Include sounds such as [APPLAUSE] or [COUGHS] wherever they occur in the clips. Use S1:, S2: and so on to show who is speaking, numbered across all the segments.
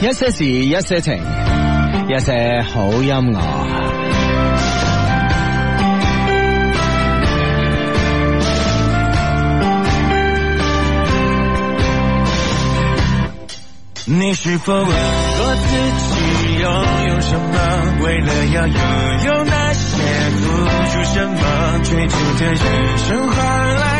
S1: 一些事，一些情，一些好音樂。
S2: 你是否問過自己擁有什麼？為了要擁有那些，付出什麼？追逐的人生換來。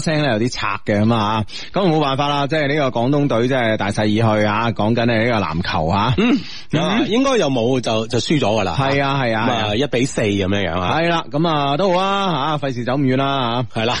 S1: 聲咧有啲拆嘅咁啊，咁冇辦法啦，即係呢個廣東隊即係大勢已去啊！講緊係呢個籃球啊。嗯嗯、應該又冇就就輸咗噶啦，係啊係啊，一比四咁樣樣啊，係啦，咁啊都、啊、好啊吓，費、啊、事走咁遠啦吓，係啦、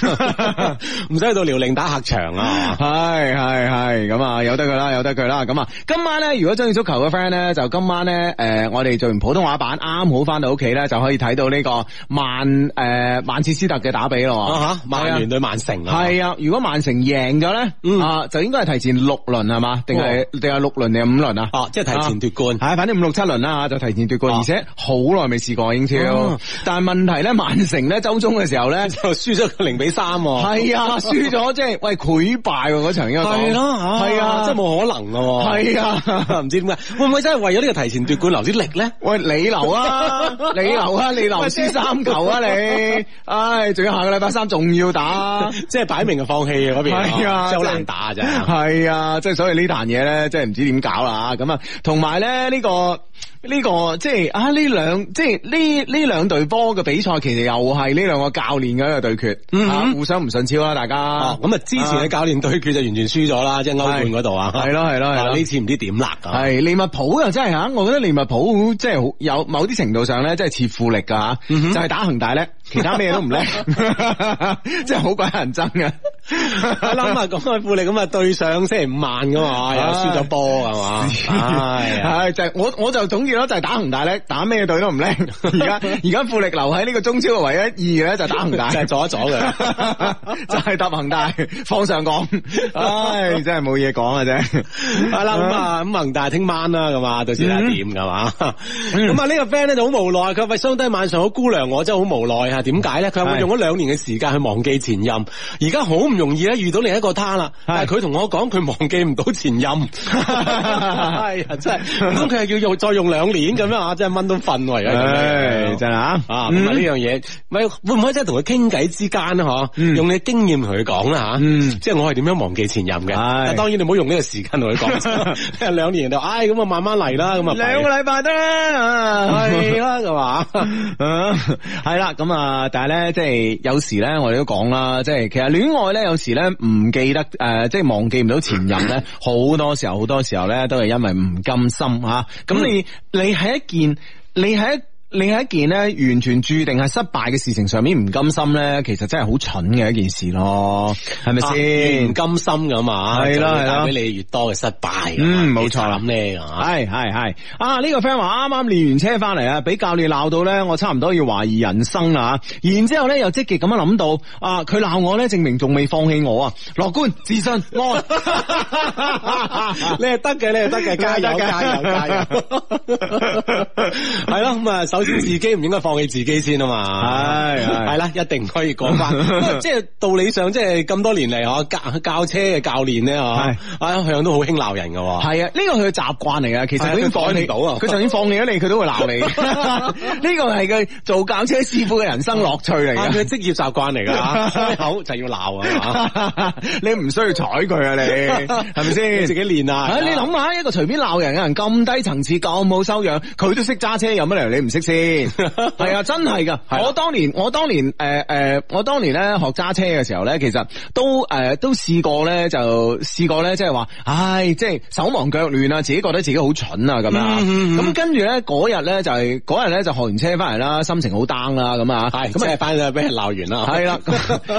S1: 啊，唔使去到遼寧打客場啊，係係係，咁啊由得佢啦，由得佢啦，咁啊今晚咧，如果中意足球嘅 friend 咧，就今晚咧，誒、呃、我哋做完普通話版，啱好翻到屋企咧，就可以睇到呢個曼誒曼徹斯、呃、特嘅打比咯，曼、啊、聯、啊、對曼城，係啊,啊,啊，如果曼城贏咗咧，啊就應該係提前六輪係嘛，定係定係六輪定係五輪啊，即係提前奪冠。啊係、啊，反正五六七輪啦就提前奪冠、啊，而且好耐未試過英超。啊、但係問題咧，曼城咧周中嘅時候咧就輸咗個零比三。係啊，輸咗即係喂潰敗嗰場應該係咯，係啊，即係冇可能喎。係啊，唔、啊、知點解會唔會真係為咗呢個提前奪冠留啲力咧？喂，你留，啊、 [LAUGHS] 你留啊，你留啊， [LAUGHS] 你留輸 [LAUGHS] 三球啊你。唉、哎，仲要下個禮拜三仲要打， [LAUGHS] 即係擺明就放棄嗰邊。係啊，好難打啊真係。啊，即、就、係、是啊啊就是 [LAUGHS] 啊就是、所以呢壇嘢咧，即係唔知點搞啦吓。咁啊，同埋咧。呢個。呢、這個即係啊呢兩即係呢呢兩隊波嘅比賽，其實又係呢兩個教練嘅一個對決，嗯啊、互相唔順超啦，大家咁啊、哦、之前嘅教練對決就完全輸咗啦，即係歐冠嗰度啊，係咯係咯係咯呢次唔知點辣噶，係利物浦又真係吓，我覺得利物浦即係有某啲程度上咧，即係似富力噶、嗯、就係、是、打恒大叻，其他咩都唔叻，即係好鬼人憎嘅，諗下咁樣富力咁啊對上星期五萬噶嘛，又輸咗波係嘛，係、哎、就是、我我就總。咯就係打恒大咧，打咩隊都唔叻。而家而家富力留喺呢個中超嘅唯一二咧，就打恒大，就，大 [LAUGHS] 就阻一阻嘅。 [LAUGHS] 就係搭恒大，放上講，唉、哎，真係冇嘢講啊。啫、嗯。係、嗯、啦，咁、嗯、啊，咁恒大聽晚啦，咁啊，到時睇點噶嘛。咁、嗯、啊，呢、嗯、個 friend 咧就好無奈，佢為收低晚上好姑娘，我真係好無奈吓。點解咧？佢係用咗兩年嘅時間去忘記前任，而家好唔容易咧遇到另一個他啦。但佢同我講，佢忘記唔到前任。係、 [LAUGHS] 哎、真係，咁佢係要用再用兩。兩年咁、嗯、樣、欸、啊，嗯、樣會會真係蚊都瞓為啊！真、嗯、係啊，唔係呢樣嘢，咪會唔會真係同佢傾偈之間啊？嗬，用你嘅經驗同佢講啦吓，即係我係點樣忘記前任嘅？當然你唔好用呢個時間同佢講。兩 [LAUGHS] 年就唉，咁啊慢慢嚟啦，咁啊兩個禮
S2: 拜得啦，係啦，
S1: 係 [LAUGHS] 嘛，係啦，咁啊，但係咧，即係有時咧，我哋都講啦，即係其實戀愛咧，有時咧唔記得誒、呃，即係忘記唔到前任咧，好 [LAUGHS] 多時候，好多時候咧都係因為唔甘心吓，咁、啊、你。嗯你係一件，你係一。另一件咧，完全注定係失敗嘅事情上面唔甘心咧，其實真係好蠢嘅一件事咯，係咪先？唔、啊、甘心噶嘛，係啦係啦，俾你越多嘅失敗嘛。嗯，冇錯，諗你個，係係係。啊，呢、這個 friend 啱啱練完車翻嚟啊，俾教練鬧到咧，我差唔多要懷疑人生啊。然之後咧，又積極咁樣諗到，啊，佢鬧我咧，證明仲未放棄我啊，樂觀、自信、我。 [LAUGHS] [LAUGHS] 你係得嘅，你係得嘅，加油、加
S2: 油、
S1: [LAUGHS] 加油，係咯咁啊。我先自己唔應該放棄自己先啊嘛，係係啦，一定唔可以過關。即 [LAUGHS] 係、就是、道理上，即係咁多年嚟，嗬教教車嘅教練咧，嗬，佢人都好興鬧人嘅喎。係啊，呢個佢嘅習慣嚟噶，其實佢放棄唔到啊。佢就算放棄咗你，佢都會鬧你。呢個係佢做教車師傅嘅人生樂趣嚟嘅，佢 [LAUGHS] 職業習慣嚟㗎。開 [LAUGHS] 口就要鬧啊， [LAUGHS] 啊！你唔需要睬佢啊！你係咪先自己練啊？啊啊啊你諗下一個隨便鬧人嘅人咁低層次咁冇修養，佢都識揸車，有乜理由你唔識？先 [LAUGHS] 係啊，真係噶！我當年我當年誒誒，我當年咧、呃、學揸車嘅時候咧，其實都誒、呃、都試過咧，就試過咧，即係話，唉，即、就、係、係、手忙腳亂啊，自己覺得自己好蠢啊，咁樣。咁、嗯嗯、跟住咧嗰日咧就係嗰日咧就學完車翻嚟啦，心情好 down 啦，咁啊係，咁啊翻去俾人鬧完啦，係啦。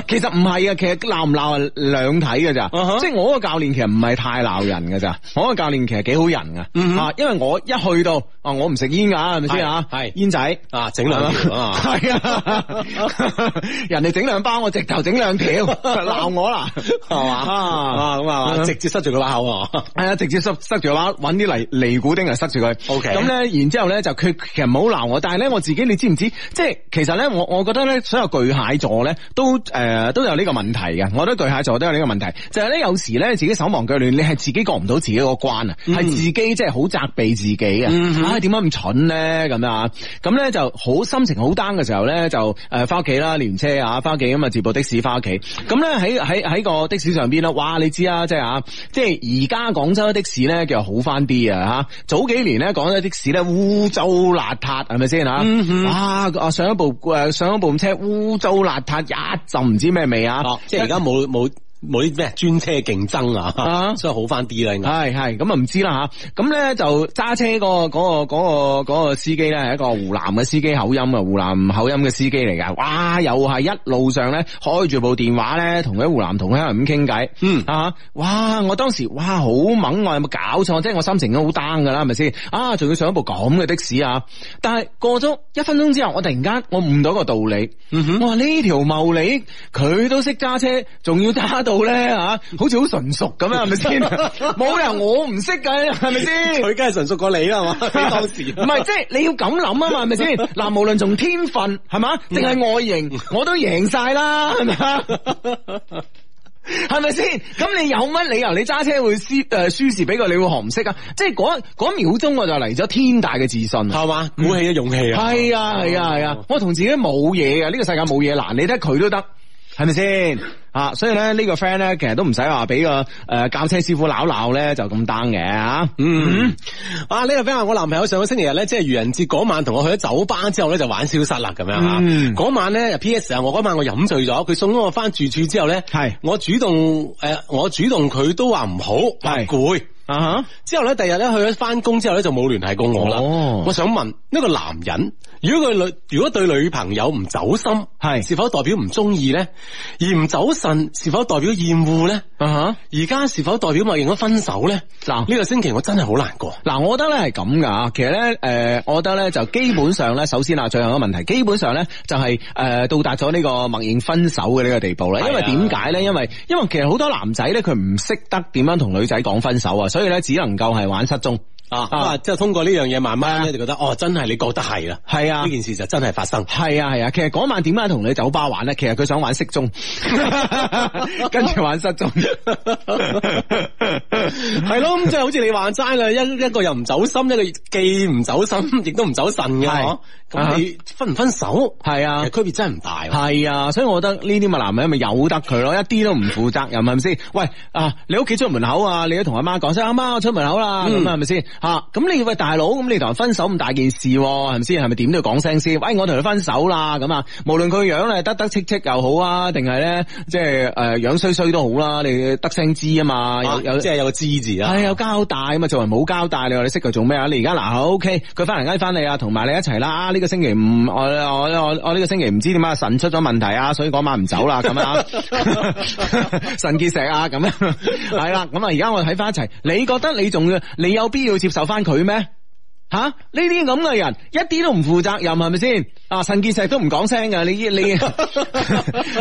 S1: 其實唔係啊，就是、其實鬧唔鬧兩兩睇噶咋，即 [LAUGHS] 係我個教練其實唔係太鬧人噶咋，我個教練其實幾好人㗎、嗯，啊，因為我一去到啊，我唔食煙噶，係咪先啊？係。煙仔啊，整兩條，係啊，啊，啊，啊，啊，人哋整兩包，我直頭整兩條，鬧我啦，係嘛啊，咁啊，啊，啊，啊，啊，啊，啊，直接塞住個把口，係啊，直接塞住塞住個把，揾啲泥尼古丁嚟塞住佢。OK，咁咧，然之後咧就佢其實唔好鬧我，但係咧我自己，你知唔知？即係其實咧，我我覺得咧，所有巨蟹座咧都誒、呃、都有呢個問題嘅。我覺得巨蟹座都有呢個問題，就係、是、咧有時咧自己手忙腳亂，你係自己過唔到自己個關啊，係、嗯、自己即係好責備自己啊、嗯。啊，點解咁蠢咧？咁啊。咁咧就好心情好 down 嘅時候咧就誒翻屋企啦，連車啊，翻屋企咁啊，接部的士翻屋企。咁咧喺喺喺個的士上邊咧，哇！你知啊，即係啊，即係而家廣州的、的士咧叫好翻啲啊吓。早幾年咧廣州的、的士咧污糟邋遢係咪先吓？哇！啊上一部誒上一部車污糟邋遢，一陣唔知咩味啊！哦！即係而家冇冇。冇啲咩專車競爭啊，所以好翻啲啦，應該係係咁啊，唔知啦吓，咁咧就揸車嗰、嗰個、嗰個、嗰個司機咧係一個湖南嘅司機口音啊，湖南口音嘅司機嚟噶，哇，又係一路上咧開住部電話咧，同佢湖南同鄉人咁傾偈，嗯啊，哇，我當時哇好猛啊，有冇搞錯？即係我心情都好 down 噶啦，係咪先？啊，仲要上一部咁嘅的，的士啊，但係過咗一分鐘之後，我突然間我悟到一個道理，嗯、哼，我話呢條茂利，佢都識揸車，仲要揸。到、啊、咧好似好純熟咁樣，係咪先？冇 [LAUGHS] 理由我唔識噶，係咪先？佢梗係純熟過你啦，係嘛？ [LAUGHS] 當時唔係，即、就、係、是、你要咁諗啊嘛，係咪先？嗱， [LAUGHS] 無論從天分係嘛，定係外形， [LAUGHS] 我都贏晒啦，係咪係係咪先？咁 [LAUGHS] 你有乜理由你揸車會輸？誒，輸蝕俾佢？你會學唔識啊？ [LAUGHS] 即係嗰嗰秒鐘我就嚟咗天大嘅自信，係嘛？武器一勇氣啊！係啊，係啊，係啊！啊 [LAUGHS] 我同自己冇嘢嘅呢個世界冇嘢，難，你睇佢都得。係咪先啊？所以咧呢、這個 friend 咧，其實都唔使話俾個誒，教、呃、車師傅鬧鬧咧就咁 down 嘅嗯、啊，mm -hmm. 啊呢、這個 friend 我男朋友上個星期日咧，即係愚人節嗰晚同我去咗酒吧之後咧就玩消失啦咁樣，嗰晚咧，P.S. 啊，PS, 我嗰晚我飲醉咗，佢送咗我翻住處之後咧，係我主動誒，我主動佢、呃、都話唔好，係攰。啊吓，之後咧，第日咧去咗返工之後咧就冇聯繫過我啦。Oh. 我想問呢、這個男人，如果佢女如果對女朋友唔走心，係是，是否代表唔中意咧？而唔走神是否代表厭惡咧？啊哈！而家是否代表默認咗分手咧？嗱，呢個星期我真係好難過。嗱、uh -huh.，我覺得咧係咁噶吓，其實咧誒、呃，我覺得咧就基本上咧，首先啊，最後一個問題，基本上咧就係、是、誒、呃、到達咗呢個默認分手嘅呢個地步啦、uh -huh.。因為點解咧？因為因為其實好多男仔咧佢唔識得點樣同女仔講分手啊。所以咧，只能夠係玩失蹤。啊即係、啊啊、通過呢樣嘢慢慢咧，就覺得、啊、哦，真係你覺得係啦，係啊，呢件事就真係發生係、啊。係啊係啊，其實嗰晚點解同你酒吧玩咧？其實佢想玩失蹤，跟住玩失蹤， [LAUGHS] [LAUGHS] 係咯，即係好似你話齋啦，一一個又唔走心，一個既唔走心，亦都唔走腎嘅。咁你分唔分手？係啊，區別真係唔大、啊。係啊，所以我覺得呢啲咪男人咪由得佢咯，一啲都唔負責任，係咪先？喂啊，你屋企出門口啊，你都同阿媽講聲阿媽，我出門口啦，係咪先？嗯吓、啊、咁你要喂大佬咁你同人分手咁大件事係咪先係咪點都要講聲先？喂、哎、我同佢分手啦咁啊，無論佢樣咧得得戚戚又好啊，定係咧即係誒樣衰衰都好啦、啊，你得聲知啊嘛，有,、啊、有即係有個知字啊係、哎、有交代啊嘛，做人冇交代你話你識佢做咩啊？OK, 你而家嗱 OK，佢翻嚟嗌翻你啊，同埋你一齊啦。呢個星期唔我我我呢、這個星期唔知點解腎出咗問題啊，所以嗰晚唔走啦咁啊，腎 [LAUGHS] 結石啊咁樣係啦。咁啊而家、啊、我睇翻一齊，你覺得你仲要你有必要？受翻佢咩？吓，呢啲咁嘅人一啲都唔負責任，係咪先啊？腎結石都唔講聲噶你你 [LAUGHS] [LAUGHS]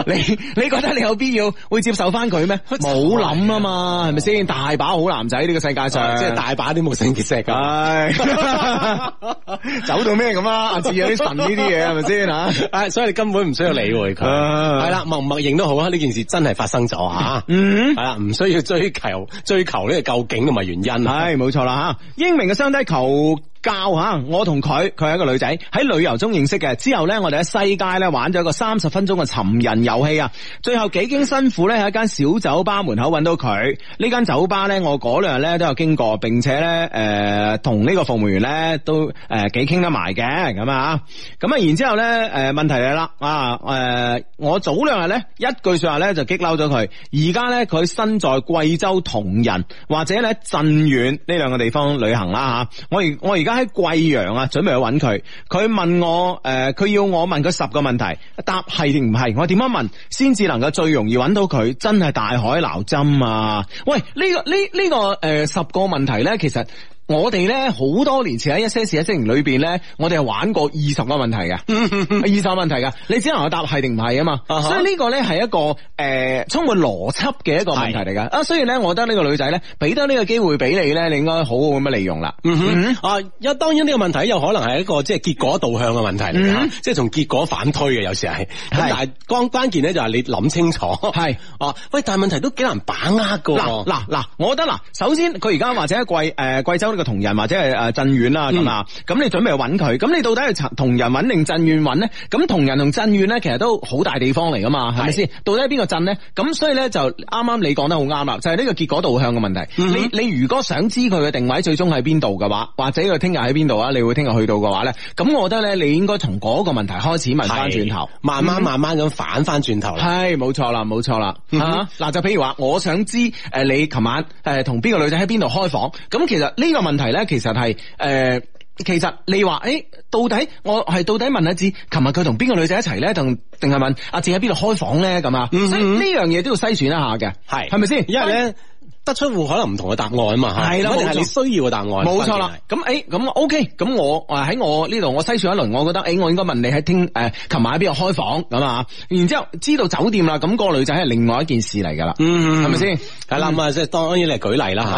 S1: 你你覺得你有必要會接受翻佢咩？冇諗啊嘛，係咪先，大把好男仔呢、這個世界上即係、啊就是、大把啲冇腎結石噶、啊、 [LAUGHS] 走到咩咁啊自有啲神呢啲嘢，係咪先吓，所以你根本唔需要理會佢，係啦，默唔默認都好啊，呢件事真係發生咗吓嗯，係啦，唔需要追求追求呢個究竟同埋原因係冇錯啦吓英明嘅雙低求。教吓，我同佢，佢係一個女仔，喺旅遊中認識嘅。之後咧，我哋喺西街咧玩咗一個三十分鐘嘅尋人遊戲啊。最後幾經辛苦咧，喺一間小酒吧門口揾到佢。呢間酒吧咧，我嗰兩日咧都有經過，並且咧，誒、呃，同呢個服務員咧都誒、呃、幾傾得埋嘅咁啊。咁啊，然之後咧，誒、呃，問題嚟啦，啊，誒、呃，我早兩日咧一句說話咧就激嬲咗佢。而家咧，佢身在貴州銅仁或者咧鎮遠呢兩個地方旅行啦吓、啊。我而我而。而家喺貴陽啊，準備去揾佢。佢問我，誒、呃，佢要我問佢十個問題，答係定唔係？我點樣問先至能夠最容易揾到佢？真係大海撈針啊！喂，呢、這個呢呢、這個誒、呃，十個問題咧，其實。我哋咧好多年前喺一些事一些情裏邊咧，我哋係玩過二十個問題嘅，二 [LAUGHS] 十個問題嘅，你只能夠答係定唔係啊嘛，uh -huh. 所以呢個咧係一個誒、呃、充滿邏輯嘅一個問題嚟噶。啊，所以咧，我覺得呢個女仔咧，俾得呢個機會俾你咧，你應該好好咁樣利用啦。啊，因當然呢個問題有可能係一個即係結果導向嘅問題嚟吓，即係從結果反推嘅有時係，但係關關鍵咧就係你諗清楚，係，哦，喂，但係問題都幾難把握噶。嗱，嗱我覺得嗱，首先佢而家或者喺貴誒貴州。個同人或者係誒鎮遠啦咁啊，咁、嗯、你準備揾佢，咁你到底係同人揾定鎮遠揾呢？咁同人同鎮遠咧，其實都好大地方嚟噶嘛，係咪先？到底係邊個鎮呢？咁所以咧就啱啱你講得好啱啦，就係、是、呢個結果導向嘅問題。嗯、你你如果想知佢嘅定位最終喺邊度嘅話，或者佢聽日喺邊度啊？你會聽日去到嘅話咧，咁我覺得咧你應該從嗰個問題開始問翻轉頭，慢慢慢慢咁反翻轉頭。係、嗯，冇錯啦，冇錯啦。嗱，嗯嗯、就譬如話我想知誒你琴晚誒同邊個女仔喺邊度開房，咁其實呢個問題。問題咧，其實係誒、呃，其實你話誒、欸，到底我係到底問阿志琴日佢同邊個女仔一齊咧，定定係問阿志喺邊度開房咧？咁啊，嗯嗯，所以呢樣嘢都要篩選一下嘅，係係咪先？因為咧。得出戶可能唔同嘅答案嘛，係啦，一定係你需要嘅答案。冇錯啦，咁、嗯、誒，咁、欸、OK，咁我誒喺我呢度，我篩選一輪，我覺得誒、欸，我應該問你喺聽誒，琴、呃、晚喺邊度開房咁啊？然之後知道酒店啦，咁、那個女仔係另外一件事嚟噶啦，係咪先？係啦，咁啊，即、嗯、係、嗯就是、當然你係舉例啦吓、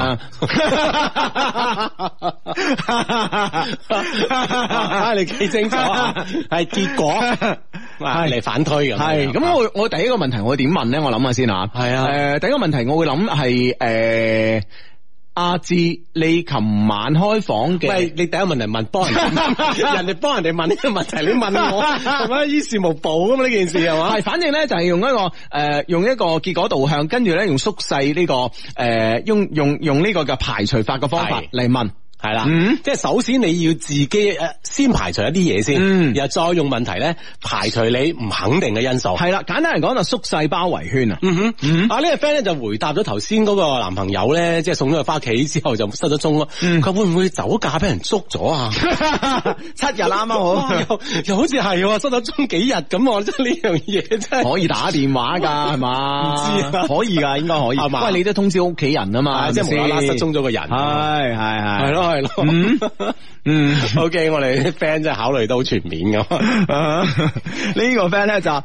S1: [LAUGHS] 啊 [LAUGHS] 呃。你記清楚，係結果係嚟反推嘅，係咁。我我第一個問題我會點問咧？我諗下先啊。係啊，誒，第一個問題我會諗係誒。呃誒、呃，阿、啊、志，你琴晚開房嘅？唔係，你第一問嚟問幫人問， [LAUGHS] 人哋幫人哋問呢、這個問題，你問我，係咪於事無補噶嘛？呢件事係嘛？係，反正咧就係用一個誒、呃，用一個結果導向，跟住咧用縮細呢個誒、呃，用用用呢個嘅排除法嘅方法嚟問。係啦、嗯，即係首先你要自己誒先排除一啲嘢先，然後再用問題咧排除你唔肯定嘅因素。係啦，簡單嚟講就縮細包圍圈、嗯嗯、啊。啊、這、呢個 friend 咧就回答咗頭先嗰個男朋友咧，即係送咗佢返屋企之後就失咗蹤咯。佢、嗯、會唔會酒駕俾人捉咗啊？ [LAUGHS] 七日啱啱好 [LAUGHS] 又，又好似係失咗蹤幾日咁。這真呢樣嘢真係可以打電話噶係嘛？唔知啊，可以噶，應該可以。不 [LAUGHS] 過你都通知屋企人啊嘛，嗯、即係無啦啦失蹤咗個人。係係係，係咯。係咯，嗯，OK 我哋啲 friend 真係考慮都全面㗎。呢、啊、 [LAUGHS] 個 friend 咧就呢、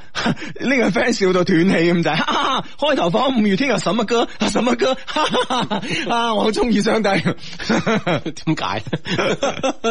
S1: 這個 friend 笑到斷氣咁就是啊，開頭放五月天嘅什麼歌，什麼歌，啊我好中意上帝，點解？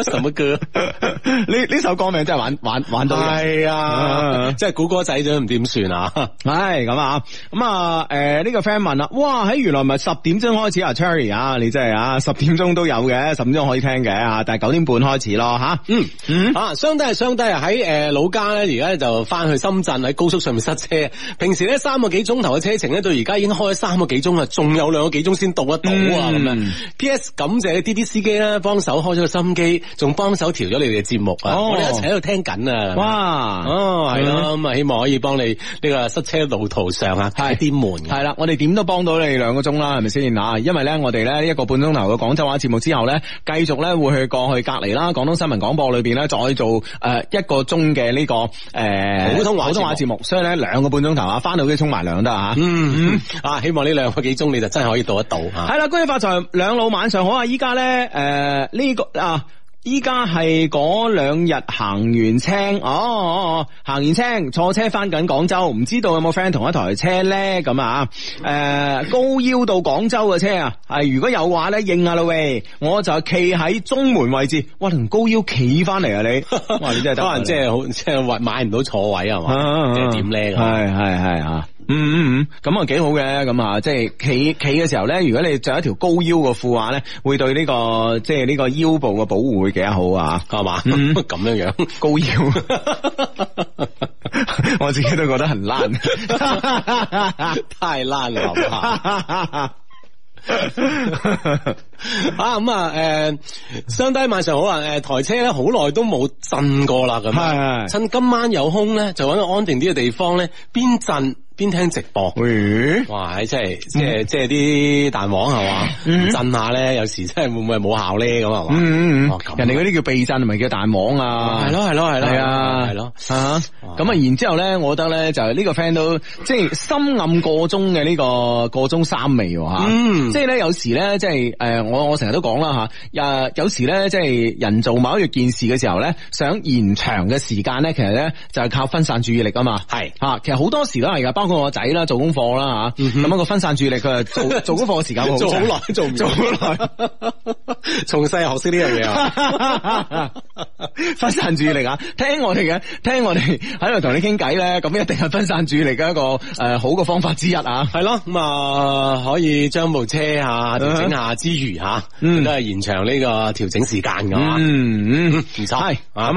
S1: 什麼歌？呢、啊、呢 [LAUGHS] [LAUGHS] 你 [LAUGHS] 首歌名真係玩玩玩到，係、 [LAUGHS] 哎、啊，即係估歌仔咗唔點算啊？唉、哎、咁啊，咁啊，誒、呃、呢、這個 friend 問啦，哇喺原來咪十點鐘開始啊，Cherry 啊，你真係啊，十點鐘都有嘅咁樣可以聽嘅吓，但係九點半開始咯吓。嗯嗯，啊，傷低係傷低啊！喺誒、呃、老家咧，而家就翻去深圳，喺高速上面塞車。平時咧，三個幾鐘頭嘅車程咧，到而家已經開咗三個幾鐘、嗯、啊，仲有兩個幾鐘先到得到啊咁樣。P.S. 感謝滴滴司機啦，幫手開咗個心機，仲幫手調咗你哋嘅節目啊、哦！我哋喺度聽緊啊！哇，是是哦，係咯，咁、嗯、啊、嗯，希望可以幫你呢、這個塞車路途上啊，係啲悶。係啦，我哋點都幫到你兩個鐘啦，係咪先啊？因為咧，我哋咧一個半鐘頭嘅廣州話節目之後咧。繼續咧會去過去隔籬啦，廣東新聞廣播裏邊咧再做誒一個鐘嘅呢個誒普通話節目，節目，所以咧兩個半鐘頭啊，翻到屋企沖埋涼得嗯嗯，啊、嗯、希望呢兩個幾鐘你就真係可以到得到吓。係、嗯、啦，恭喜發財！兩老晚上好、呃這個，啊！依家，咧誒呢個啊，依家係嗰兩日行完青哦，行完青坐車翻緊廣州，唔知道有冇 friend 同一台車咧？咁啊，誒高腰到廣州嘅車啊，係如果有話咧應啊啦喂，我就企喺中門位置，哇同高腰企翻嚟啊你， [LAUGHS] 哇你真係可能即係好即係買買唔到坐位啊嘛，即係點咧？係係係啊！嗯嗯嗯，咁啊幾好嘅，咁啊即係企企嘅時候咧，如果你着一條高腰嘅褲話咧，會對呢個即係呢個腰部嘅保護會幾好啊，係嘛？嗯，咁樣樣高腰， [LAUGHS] 我自己都覺得係爛， [LAUGHS] 太爛啦了，吓！啊咁啊，誒，兄弟晚上好啊，誒，台車咧好耐都冇震過啦，咁，趁今晚有空咧，就揾個安靜啲嘅地方咧，邊震。邊聽直播？嘩哇！唉，即係即係即係啲彈簧係嘛？嗯、震下咧，有時真係會唔會冇效咧？咁係嘛？人哋嗰啲叫避震，咪叫彈簧啊？係咯係咯係咯。係啊係咯咁啊，然之後咧，我覺得咧就係呢個 friend 都即係深暗過中、這個中嘅呢個個中三味吓、啊嗯。即係咧、就是，有時咧，即係誒，我我成日都講啦吓。誒，有時咧，即係人做某一件事嘅時候咧，想延長嘅時間咧，其實咧就係靠分散注意力啊嘛。係啊。其實好多時都係幫個仔啦，做功課啦吓，咁樣個分散注意力佢係做做功課嘅時間做好耐做唔做好耐，從 [LAUGHS] 細學識呢樣嘢啊！ [LAUGHS] 分散注意力啊，聽我哋嘅，聽我哋喺度同你傾偈咧，咁一定係分散注意力嘅一個誒、呃、好嘅方法之一啊，嗯一,一之嗯嗯嗯嗯、 [LAUGHS] 啊，係、呃、咯，咁啊可以將部車啊調整下之餘吓，都係延長呢個調整時間噶，嗯唔使，咁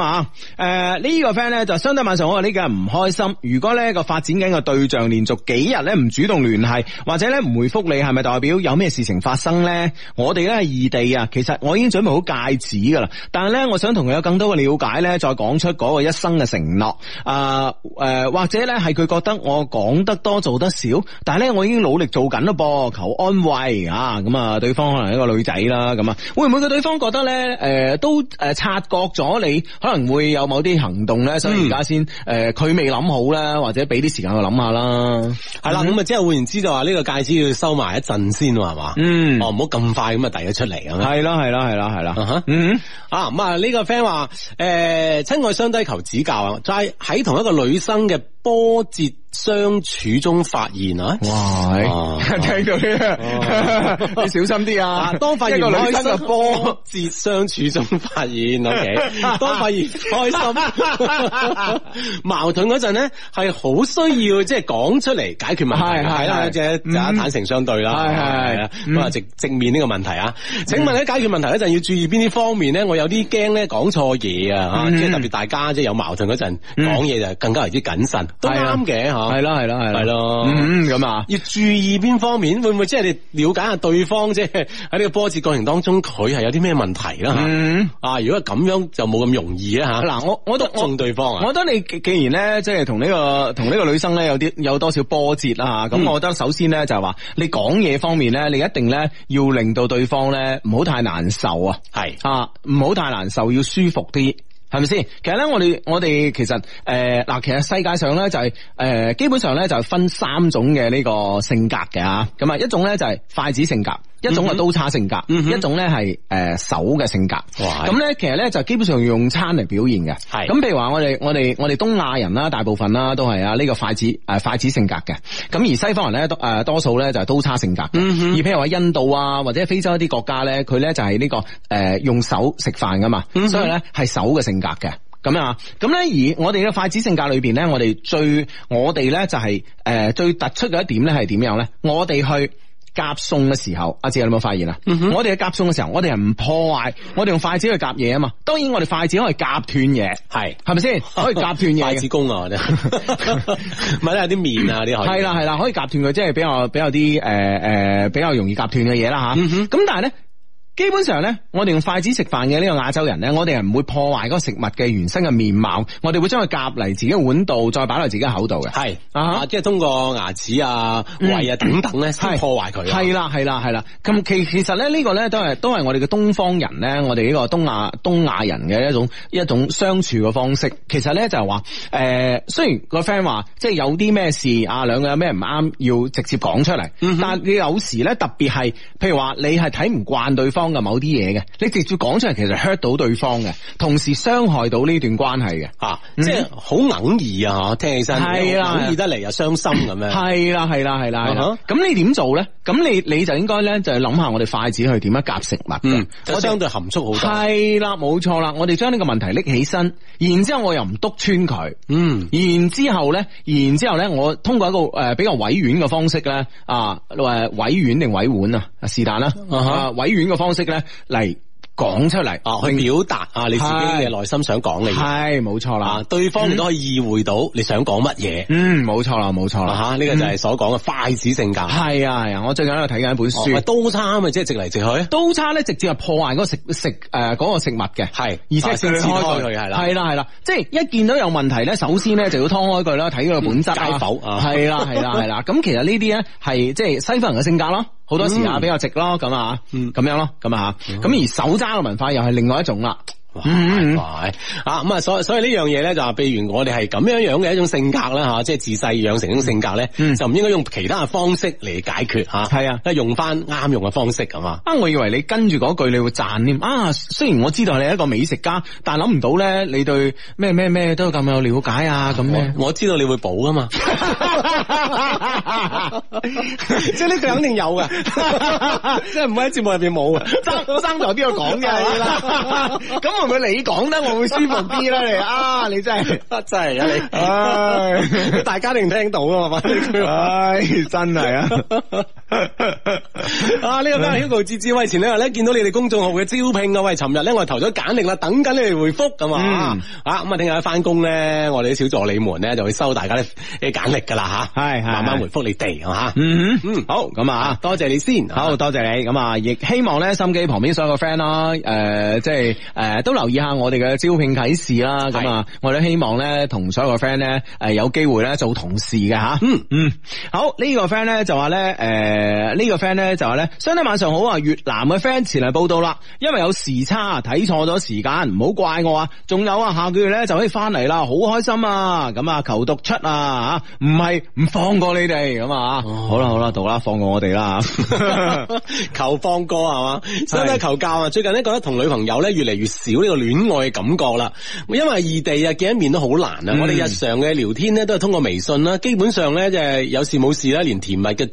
S1: 啊，誒呢個 friend 咧就相對晚上我話呢個唔開心，如果咧個發展緊嘅對象。長連續幾日咧唔主動聯繫，或者咧唔回覆你，係咪代表有咩事情發生呢？我哋咧係異地啊，其實我已經準備好戒指噶啦，但係咧，我想同佢有更多嘅了解咧，再講出嗰個一生嘅承諾。啊、呃、誒、呃，或者咧係佢覺得我講得多做得少，但係咧我已經努力做緊咯噃，求安慰啊咁啊，對方可能係一個女仔啦，咁啊會唔會個對方覺得咧誒、呃、都誒察覺咗你可能會有某啲行動咧，所以而家先誒佢、嗯呃、未諗好啦，或者俾啲時間去諗下啦。嗯，係啦，咁啊即係換言之就話呢個戒指要收埋一陣先，係嘛？嗯，哦，唔好咁快咁啊遞咗出嚟咁樣。係啦，係啦，係啦，係啦，嗯啊咁、嗯、啊呢、呢個 friend 話誒、親、欸、愛相低求指教啊，就係喺同一個女生嘅。波折相處中發現啊！哇，啊、聽到呢、啊，你小心啲啊！當發現開心，個女波折相處中發現，OK， [LAUGHS] 當發現開心
S2: [LAUGHS]
S1: 矛盾嗰陣咧，係好需要即係講出嚟，解決問題，係啦，即係、就是、坦誠相對啦，係係咁啊，直面呢個問題啊！請問咧，解決問題嗰陣要注意邊啲方面咧？我有啲驚咧講錯嘢啊！即、嗯、係特別大家即係有矛盾嗰陣講嘢就更加為之謹慎。都啱嘅吓，係啦係啦係，係咯，咁啊、嗯，要注意邊方面，會唔會即係你了解下對方，即係喺呢個波折過程當中，佢係有啲咩問題啦、嗯？啊，如果咁樣就冇咁容易啊吓。嗱、啊，我我都中對方啊，我覺得你既然咧，即係同呢個同呢個女生咧，有啲有多少波折啊，咁、嗯、我覺得首先咧就係、是、話，你講嘢方面咧，你一定咧要令到對方咧唔好太難受啊，係啊，唔好太難受，要舒服啲。係咪先？其實咧，我哋我哋其實誒，嗱、呃，其實世界上咧就係、是、誒、呃，基本上咧就係分三種嘅呢個性格嘅吓，咁啊一種咧就係筷子性格。一種係刀叉性格，mm -hmm. 一種咧係誒手嘅性格。咁咧其實咧就基本上用餐嚟表現嘅。咁譬如話我哋我哋我哋東亞人啦，大部分啦都係啊呢個筷子、誒、呃、筷子性格嘅。咁而西方人咧誒、多數咧、呃、就係刀叉性格。Mm -hmm. 而譬如話印度啊或者非洲一啲國家咧，佢咧就係呢、這個誒、呃、用手食飯㗎嘛，mm -hmm. 所以咧係手嘅性格嘅。咁啊咁咧而我哋嘅筷子性格裏邊咧，我哋最我哋咧就係、是、誒、呃、最突出嘅一點咧係點樣咧？我哋去。夾餸嘅時候，阿姐有冇發現啊、嗯？我哋喺夾餸嘅時候，我哋係唔破壞，我哋用筷子去夾嘢啊嘛。當然我哋筷子可以夾斷嘢，係係咪先？可以夾斷嘢筷子工啊！唔係咧，有啲麵啊，啲係啦係啦，可以夾斷佢，即係比較比較啲誒誒，比較容易夾斷嘅嘢啦吓。咁、嗯、但係咧。基本上咧，我哋用筷子食飯嘅呢個亞洲人咧，我哋係唔會破壞個食物嘅原生嘅面貌，我哋會將佢夾嚟自己碗度，再擺落自己口度嘅。係啊，即係通過牙齒啊、胃、嗯、啊等等咧、嗯、先破壞佢。係啦，係啦，係啦。咁其其實咧呢、這個咧都係都係我哋嘅東方人咧，我哋呢個東亞東亞人嘅一種一種相處嘅方式。其實咧就係、是、話，誒、呃，雖然個 friend 話即係有啲咩事啊，兩個有咩唔啱要直接講出嚟、嗯，但係你有時咧特別係，譬如話你係睇唔慣對方。某啲嘢嘅，你直接講出嚟，其實 hurt 到對方嘅，同時傷害到呢段關係嘅，啊，即係好哽耳啊，聽起身係啦，哽耳得嚟又傷心咁，uh -huh. 樣，係啦係啦係啦，咁你點做咧？咁你你就應該咧，就諗下我哋筷子去點樣夾食物，嗯，uh -huh.，相對含蓄好多，係啦，冇錯啦，我哋將呢個問題拎起身，然之後我又唔督穿佢，嗯，uh -huh.，然之後咧，然之後咧，我通過一個誒比較委婉嘅方式咧，啊，誒委婉定委婉啊，是但啦，uh -huh. 委婉嘅方式。識咧嚟講出嚟哦、啊，去表達啊你自己嘅內心想講嘅嘢，係冇錯啦，對方都、嗯、可以意會到你想講乜嘢，嗯，冇錯啦，冇錯啦，吓、啊、呢、這個就係所講嘅筷子性格，係、嗯、啊，係啊，我最近喺度睇緊一本書，哦、刀叉咪即係直嚟直去，刀叉咧直接係破壞嗰個食食誒、那個食物嘅，係，而且先撕開佢，係啦，係啦，係啦，即係一見到有問題咧、嗯，首先咧就要劏開佢啦，睇佢個本質，解係啦，係、啊、啦，係啦，咁其實呢啲咧係即係西方人嘅性格咯。好多時啊，比較直咯，咁啊、嗯，咁樣咯，咁啊，咁而手揸嘅文化又係另外一種啦。唔係，啊咁啊，所以所以呢樣嘢咧，就話，譬如我哋係咁樣樣嘅一種性格啦，吓、啊，即、就、係、是、自細養成一種性格咧、嗯，就唔應該用其他嘅方式嚟解決吓，係啊，即係、啊、用翻啱用嘅方式啊啊，我以為你跟住嗰句你會讚添啊，雖然我知道你係一個美食家，但係諗唔到咧，你對咩咩咩都咁有了解啊，咁、嗯、咧，我知道你會補噶嘛， [LAUGHS]
S2: [LAUGHS] [LAUGHS] [LAUGHS] 即係呢個肯定有嘅，
S1: [LAUGHS] [LAUGHS] 即係唔會喺節目入邊冇嘅， [LAUGHS] 生生財邊度講嘅啦，咁。 [LAUGHS] [LAUGHS] [LAUGHS] 會唔會你講得我會舒服啲咧？你啊，你真係真係啊！你，唉， [LAUGHS] [LAUGHS] 大家定聽到啊，係嘛？唉，真係啊！ [LAUGHS] 啊！呢、這個阿 [LAUGHS] Hugo 智智慧前呢，咧見到你哋公眾號嘅招聘，嗯，啊，喂！尋日咧我投咗簡歷啦，等緊你哋回覆，係嘛啊？咁啊，聽日一翻工咧，我哋啲小助理們咧就會收大家啲啲簡歷噶啦，吓係，慢慢回覆你哋，吓嗯嗯好。咁啊，多謝你先，好多謝你，咁啊，亦希望咧心機旁邊所有個 friend 啦，誒、呃，即係誒都留意一下我哋嘅招聘啟事啦，咁啊，我都希望咧同所有個 friend 咧誒有機會咧做同事嘅吓、啊，嗯嗯好，這個、呢個 friend 咧就話咧誒。呃誒、這個，呢個 friend 咧就話咧，Sunday 晚上好啊，越南嘅 friend 前嚟報道啦，因為有時差睇錯咗時間，唔好怪我啊。仲有啊，下個月咧就可以翻嚟啦，好開心啊。咁啊，求讀出啊，唔係唔放過你哋咁啊。好啦好啦，到啦，放過我哋啦， [LAUGHS] 求放過係嘛。Sunday 求教啊，最近咧覺得同女朋友咧越嚟越少呢個戀愛嘅感覺啦，因為異地啊見一面都好難啊、嗯。我哋日常嘅聊天咧都係通過微信啦，基本上咧就係有事冇事啦，連甜蜜嘅。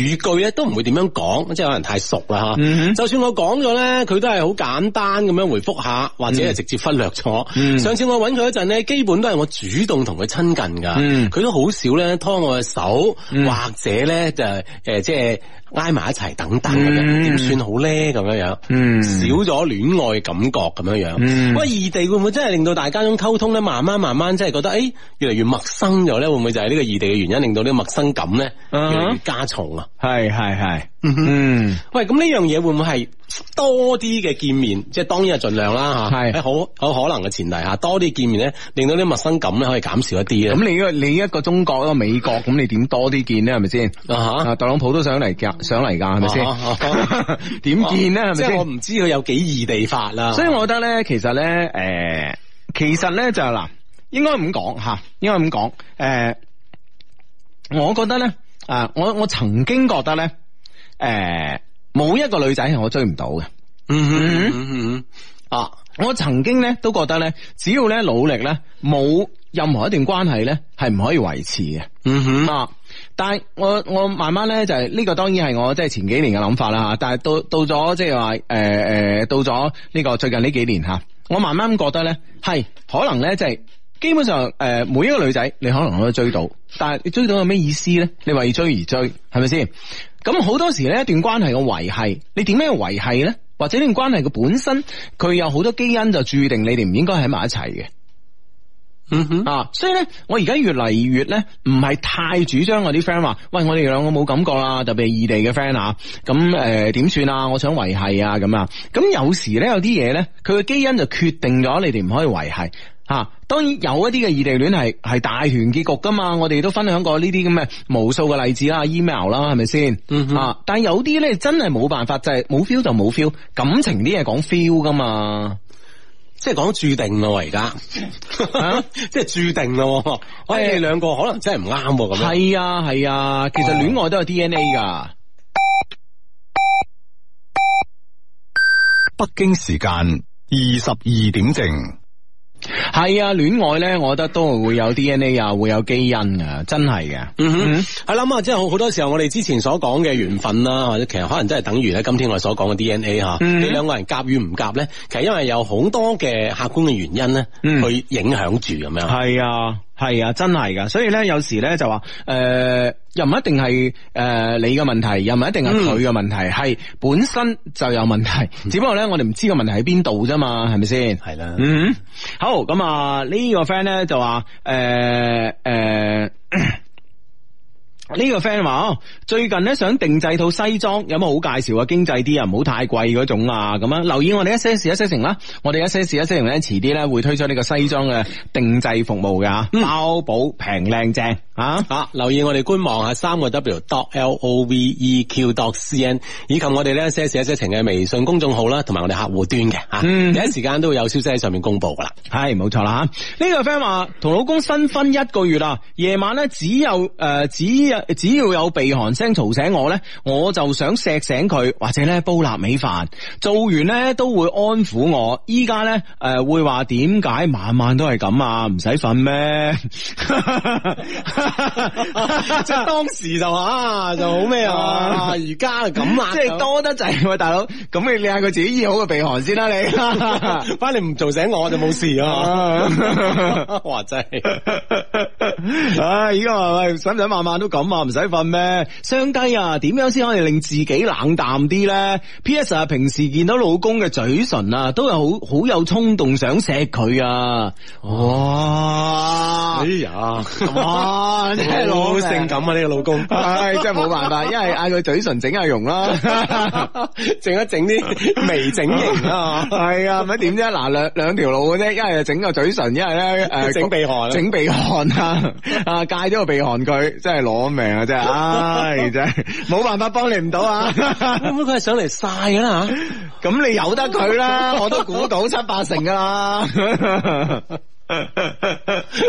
S1: 語句咧都唔會點樣講，即係可能太熟啦吓。Mm -hmm. 就算我講咗咧，佢都係好簡單咁樣回覆下，或者係直接忽略咗。Mm -hmm. 上次我揾佢一陣咧，基本都係我主動同佢親近噶，佢、mm -hmm. 都好少咧拖我嘅手，mm -hmm. 或者咧就誒即係挨埋一齊等等，點、mm -hmm. 算好咧咁樣樣，mm -hmm. 少咗戀愛感覺咁樣樣。喂，異地會唔會真係令到大家種溝通咧，慢慢慢慢真係覺得誒、哎、越嚟越陌生咗咧？會唔會就係呢個異地嘅原因令到呢個陌生感咧越嚟越加重啊？Uh -huh. 係係係，嗯，喂，咁呢樣嘢會唔會係多啲嘅見面？即係當然係盡量啦吓，喺好好可能嘅前提下，多啲見面咧，令到啲陌生感咧可以減少一啲咧。咁你你一個中國一個美國，咁你點多啲見咧？係咪先？啊，啊特朗普都想嚟㗎，想嚟㗎，係咪先？點、啊啊、 [LAUGHS] 見咧、啊？即係我唔知佢有幾異地法啦。所以我覺得咧，其實咧，誒、呃，其實咧就係嗱，應該咁講吓，應該咁講，誒、呃，我覺得咧。啊、我我曾經覺得咧，誒、欸，冇一個女仔係我追唔到嘅、嗯。嗯哼，啊，我曾經咧都覺得咧，只要咧努力咧，冇任何一段關係咧係唔可以維持嘅。嗯哼，啊，但係我我慢慢咧就係、是、呢、這個，當然係我即係前幾年嘅諗法啦吓。但係到到咗即係話誒誒，到咗呢、呃、個最近呢幾年吓，我慢慢覺得咧係可能咧即係。基本上，誒、呃，每一個女仔，你可能可以追到，但係你追到有咩意思咧？你為追而追，係咪先？咁好多時咧，一段關係嘅維繫，你點樣維繫咧？或者呢段關係嘅本身，佢有好多基因就注定你哋唔應該喺埋一齊嘅。嗯哼啊，所以咧，我而家越嚟越咧，唔係太主張我啲 friend 話，喂，我哋兩個冇感覺啦、啊，特別異地嘅 friend 啊，咁誒點算啊？我想維繫啊，咁啊，咁有時咧，有啲嘢咧，佢嘅基因就決定咗你哋唔可以維繫啊。當然有一啲嘅異地戀係係大團圓結局噶嘛，我哋都分享過呢啲咁嘅無數嘅例子啦，email 啦，係咪先？啊！但係有啲咧真係冇辦法，就係、是、冇 feel 就冇 feel，感情啲嘢講 feel 噶嘛，即係講注定咯，而、啊、家 [LAUGHS] 即係注定咯，我哋兩個可能真係唔啱咁。係啊係啊，其實戀愛都有 DNA 噶、哦。北京時間二十二點正。係啊，戀愛咧，我覺得都會有 D N A 啊，會有基因啊，真係嘅。嗯哼，我咁啊，即係好多時候，我哋之前所講嘅緣分啦，或者其實可能真係等於咧，今天我哋所講嘅 D N A 吓，嗯，你兩個人夾與唔夾咧，其實因為有好多嘅客觀嘅原因咧，去影響住咁樣。係啊。係啊，真係噶，所以咧有時咧就話，誒、呃、又唔一定係誒你嘅問題，又唔一定係佢嘅問題，係、嗯、本身就有問題， [LAUGHS] 只不過咧我哋唔知個問題喺邊度啫嘛，係咪先？係啦，嗯，好，咁啊呢個 friend 咧就話，誒、呃、誒。呃呢個 friend 話最近咧想定製套西裝，有冇好介紹啊？經濟啲啊，唔好太貴嗰種啊，咁啊，留意我哋一些事一些情啦，我哋一些事一些情咧，遲啲咧會推出呢個西裝嘅定製服務嘅吓，包保平靚正。啊！啊，留意我哋官網下三個 w.dot.l.o.v.e.q.dot.c.n，以及我哋咧寫寫寫情嘅微信公眾號啦，同埋我哋客戶端嘅啊，嗯、第一時間都會有消息喺上面公布噶啦。係冇錯啦，吓呢個 friend 話同老公新婚一個月啦，夜晚咧只有誒、呃，只只要有鼻鼾聲嘈醒我咧，我就想錫醒佢，或者咧煲臘味飯，做完咧都會安撫我。依家咧誒會話點解晚晚都係咁啊？唔使瞓咩？ [LAUGHS]
S2: [LAUGHS] 即係當時
S1: 就話啊，就好咩啊？而家咁啊，即係多得滯，大佬咁你你理下佢自己醫好個鼻鼾先啦，你返嚟唔做醒我就冇事啊！啊 [LAUGHS] 哇，真係，唉、啊，依家喂，使唔使晚晚都咁啊？唔使瞓咩？相低啊，點樣先可以令自己冷淡啲咧？P.S. 平時見到老公嘅嘴唇啊，都係好好有衝動想錫佢啊！哇、啊，哎呀，哇、啊！啊哇！真係好性感啊，呢個老公，唉、哎，真係冇辦法，因為嗌佢嘴唇整下容啦，整 [LAUGHS] 一整啲微整形啊，係、哎、啊，咪點啫？嗱，兩兩條路嘅啫，一係整個嘴唇，一係咧誒，整、呃、鼻鼾，整鼻鼾啊，啊，戒咗個鼻鼾佢，真係攞命啊，真、哎、係，唉、就是，真係冇辦法幫你唔到啊，咁佢係上嚟晒噶啦，咁你由得佢啦，我都估到七八成噶啦。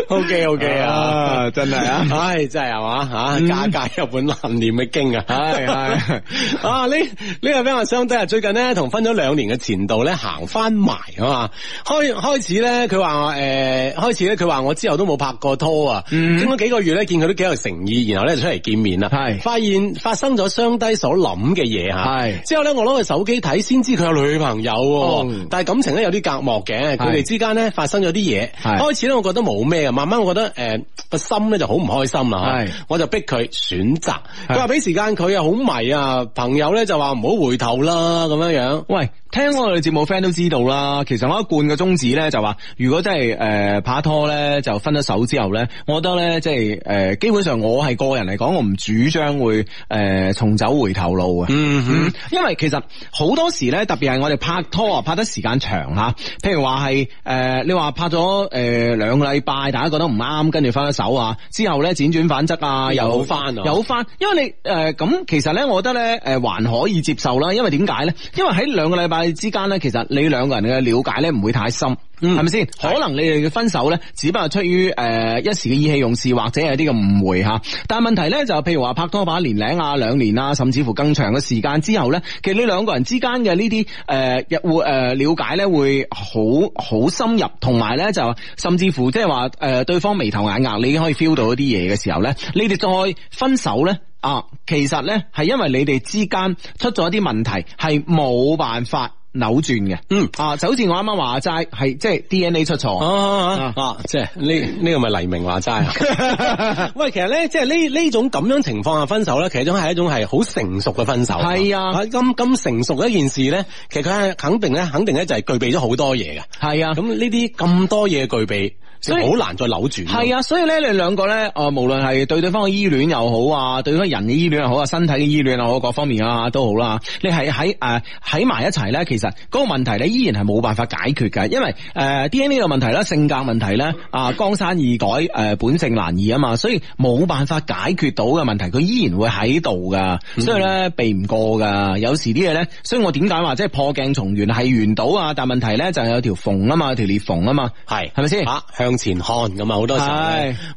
S1: O K O K 啊，真係啊，唉、 [LAUGHS] 哎，真係係嘛，吓，家家有本難念嘅經啊，唉、嗯、係 [LAUGHS] 是 [LAUGHS] 啊呢呢個呢個雙低啊，最近呢，同分咗兩年嘅前度咧行翻埋啊嘛，開開始咧佢話誒開始咧佢話我之後都冇拍過拖啊，咁、嗯、咗幾個月咧見佢都幾有誠意，然後咧出嚟見面啦，係發現發生咗雙低所諗嘅嘢，吓，係之後咧我攞個手機睇先知佢有女朋友，嗯、但係感情咧有啲隔膜嘅，佢哋之間咧發生咗啲嘢。開始咧，我覺得冇咩啊，慢慢我覺得誒個、欸、心咧就好唔開心啦。係，我就逼佢選擇。佢話俾時間佢啊，好迷啊。朋友咧就話唔好回頭啦，咁樣樣。喂，聽我哋節目 friend 都知道啦。其實我一貫嘅宗旨咧就話，如果真係誒、呃、拍拖咧，就分咗手之後咧，我覺得咧即係誒、呃、基本上我係個人嚟講，我唔主張會誒、呃、重走回頭路嘅。嗯，因為其實好多時咧，特別係我哋拍拖啊拍得時間長吓，譬如話係誒你話拍咗誒。呃誒、呃，兩個禮拜大家覺得唔啱，跟住分咗手啊，之後咧輾轉反側啊，又好翻，啊、嗯，又好翻，因為你誒咁、呃，其實咧，我覺得咧，誒、呃，還可以接受啦，因為點解咧？因為喺兩個禮拜之間咧，其實你兩個人嘅了解咧，唔會太深。嗯，係咪先？可能你哋嘅分手呢，只不過出於誒、呃、一時嘅意氣用事，或者係啲嘅誤會吓。但係問題咧，就譬如話拍拖把年零啊兩年啊，甚至乎更長嘅時間之後呢，其實你兩個人之間嘅呢啲誒，會、呃、誒、呃、了解咧會好好深入，同埋呢，就甚至乎即係話誒對方眉頭眼額，你已經可以 feel 到一啲嘢嘅時候呢，你哋再分手呢。啊，其實呢，係因為你哋之間出咗一啲問題，係冇辦法。扭轉嘅，嗯啊，就好似我啱啱話齋係即係 D N A 出錯，啊啊，啊，啊，啊，啊，即係 [LAUGHS] 即是 [LAUGHS] 呢呢個咪黎明話齋啊，喂，其實咧即係呢呢種咁樣情況下分手咧，其實都係一種係好成熟嘅分手，係啊，咁、啊、咁成熟一件事咧，其實佢係肯定咧，肯定咧就係具備咗好多嘢嘅，係啊，咁呢啲咁多嘢具備。好難再扭住。係啊，所以咧，你兩個咧，誒，無論係對對方嘅依戀又好啊，對，對方人嘅依戀又好啊，身體嘅依戀又好，各方面啊，都好啦。你係喺誒喺埋一齊咧，其實嗰個問題咧依然係冇辦法解決㗎。因為誒、呃、D N A 個問題啦，性格問題咧，啊、呃、江山易改，誒、呃、本性難移啊嘛，所以冇辦法解決到嘅問題，佢依然會喺度噶，所以咧避唔過噶。有時啲嘢咧，所以我點解話即係破鏡重圓係圓到啊，但問問題咧就係有條縫啊嘛，有條裂縫啊嘛，係係咪先？吓前看咁啊，好多時候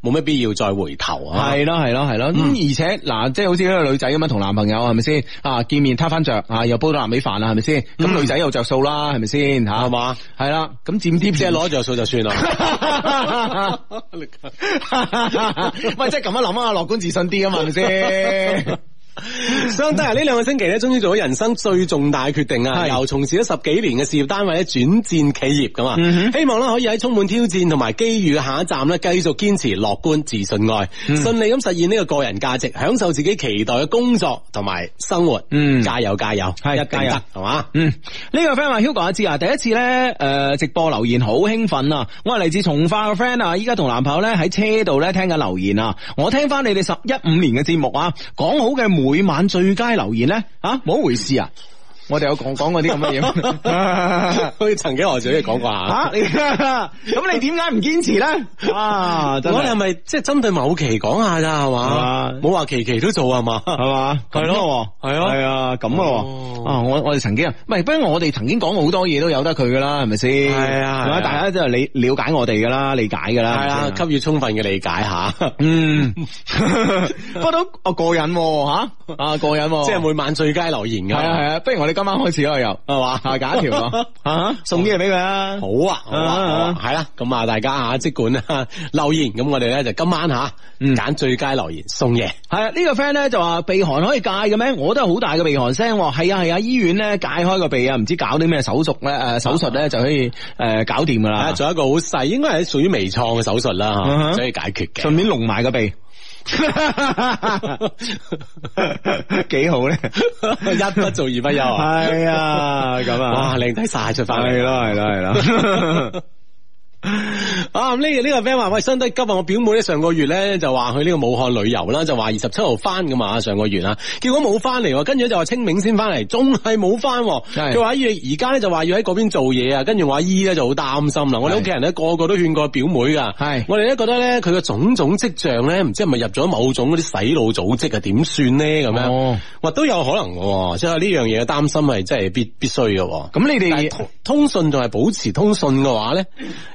S1: 冇咩必要再回頭啊。係咯，係咯，係咯。咁、嗯、而且嗱，即係好似呢個女仔咁樣同男朋友係咪先啊？見面攤翻着，啊，又煲到南米飯啦，係咪先？咁、嗯、女仔又着數啦，係咪先吓？係嘛？係啦。咁佔啲即係攞着數就算啦。唔係， [LAUGHS] [LAUGHS] 即係咁樣諗啊，樂觀自信啲啊嘛，係咪先？ [LAUGHS] 相德啊！呢兩個星期咧，終於做咗人生最重大嘅決定啊！由從事咗十幾年嘅事業單位咧，轉戰企業咁啊！希望咧可以喺充滿挑戰同埋機遇嘅下一站咧，繼續堅持樂觀、自信愛、愛、嗯，順利咁實現呢個個人價值，享受自己期待嘅工作同埋生活。嗯，加油加油，係一定得加得係嘛？嗯，呢、呢個 friend 話：Hugo 阿志啊，第一次咧誒直播留言好興奮啊！我係嚟自從化嘅 friend 啊，依家同男朋友咧喺車度咧聽緊留言啊！我聽翻你哋十一五年嘅節目啊，講好嘅每晚最佳留言咧，吓、啊，冇回事啊！我哋有講講過
S2: 啲咁嘅嘢，佢
S1: 曾幾何時自己講過吓。咁、啊、 [LAUGHS] 你點解唔堅持咧、
S2: 啊就是 [LAUGHS] 嗯？啊，我哋
S1: 係咪即係針對某期講下咋係嘛？冇話期期都做啊？嘛？係嘛？係咯，係咯，係啊，咁咯。啊，我我哋曾經，啊，係，不如我哋曾經講過好多嘢都有得佢噶啦，係咪先？係啊，啊，大家都係你了解我哋噶啦，理解噶啦，係啊，給予、啊、充分嘅理解下。啊、 [LAUGHS] 嗯，不過都啊過癮吓，啊過癮，即係每晚最佳留言噶。係啊，係啊，不如我哋。今晚開始我又係嘛，加一條，吓 [LAUGHS] 送啲嘢俾佢啊！好啊，好啊，係啦，咁啊，大家吓即管啊留言，咁我哋咧就今晚吓揀最佳留言，嗯、送嘢。係啊，呢、這個 friend 咧就話鼻鼾可以戒嘅咩？我都係好大嘅鼻鼾聲，係啊係啊，醫院咧解開個鼻啊，唔知搞啲咩手術咧誒手術咧就可以誒搞掂噶啦，有、 [LAUGHS] 啊、一個好細，應該係屬於微創嘅手術啦，可、 [LAUGHS] 啊、以解決嘅，順便弄埋個鼻。幾好咧，一不做二不休啊！係啊，咁啊，哇，靚仔晒出翻嚟，係啦係啦係啦。啊！呢、呢個呢個 friend 話喂，新得急啊！我表妹咧上個月咧就話去呢個武漢旅遊啦，就話二十七號翻噶嘛，上個月啊，結果冇翻嚟，跟住就話清明先翻嚟，仲係冇翻。佢話而家咧就話要喺嗰邊做嘢啊，跟住話姨咧就好擔心啦。我哋屋企人咧個個都勸過表妹噶，係我哋咧覺得咧佢嘅種種跡象咧，唔知係咪入咗某種嗰啲洗腦組織啊？點算呢？咁樣？哦，都有可能嘅，即係呢樣嘢嘅擔心係真係必必須嘅。咁你哋通訊仲係保持通訊嘅話咧，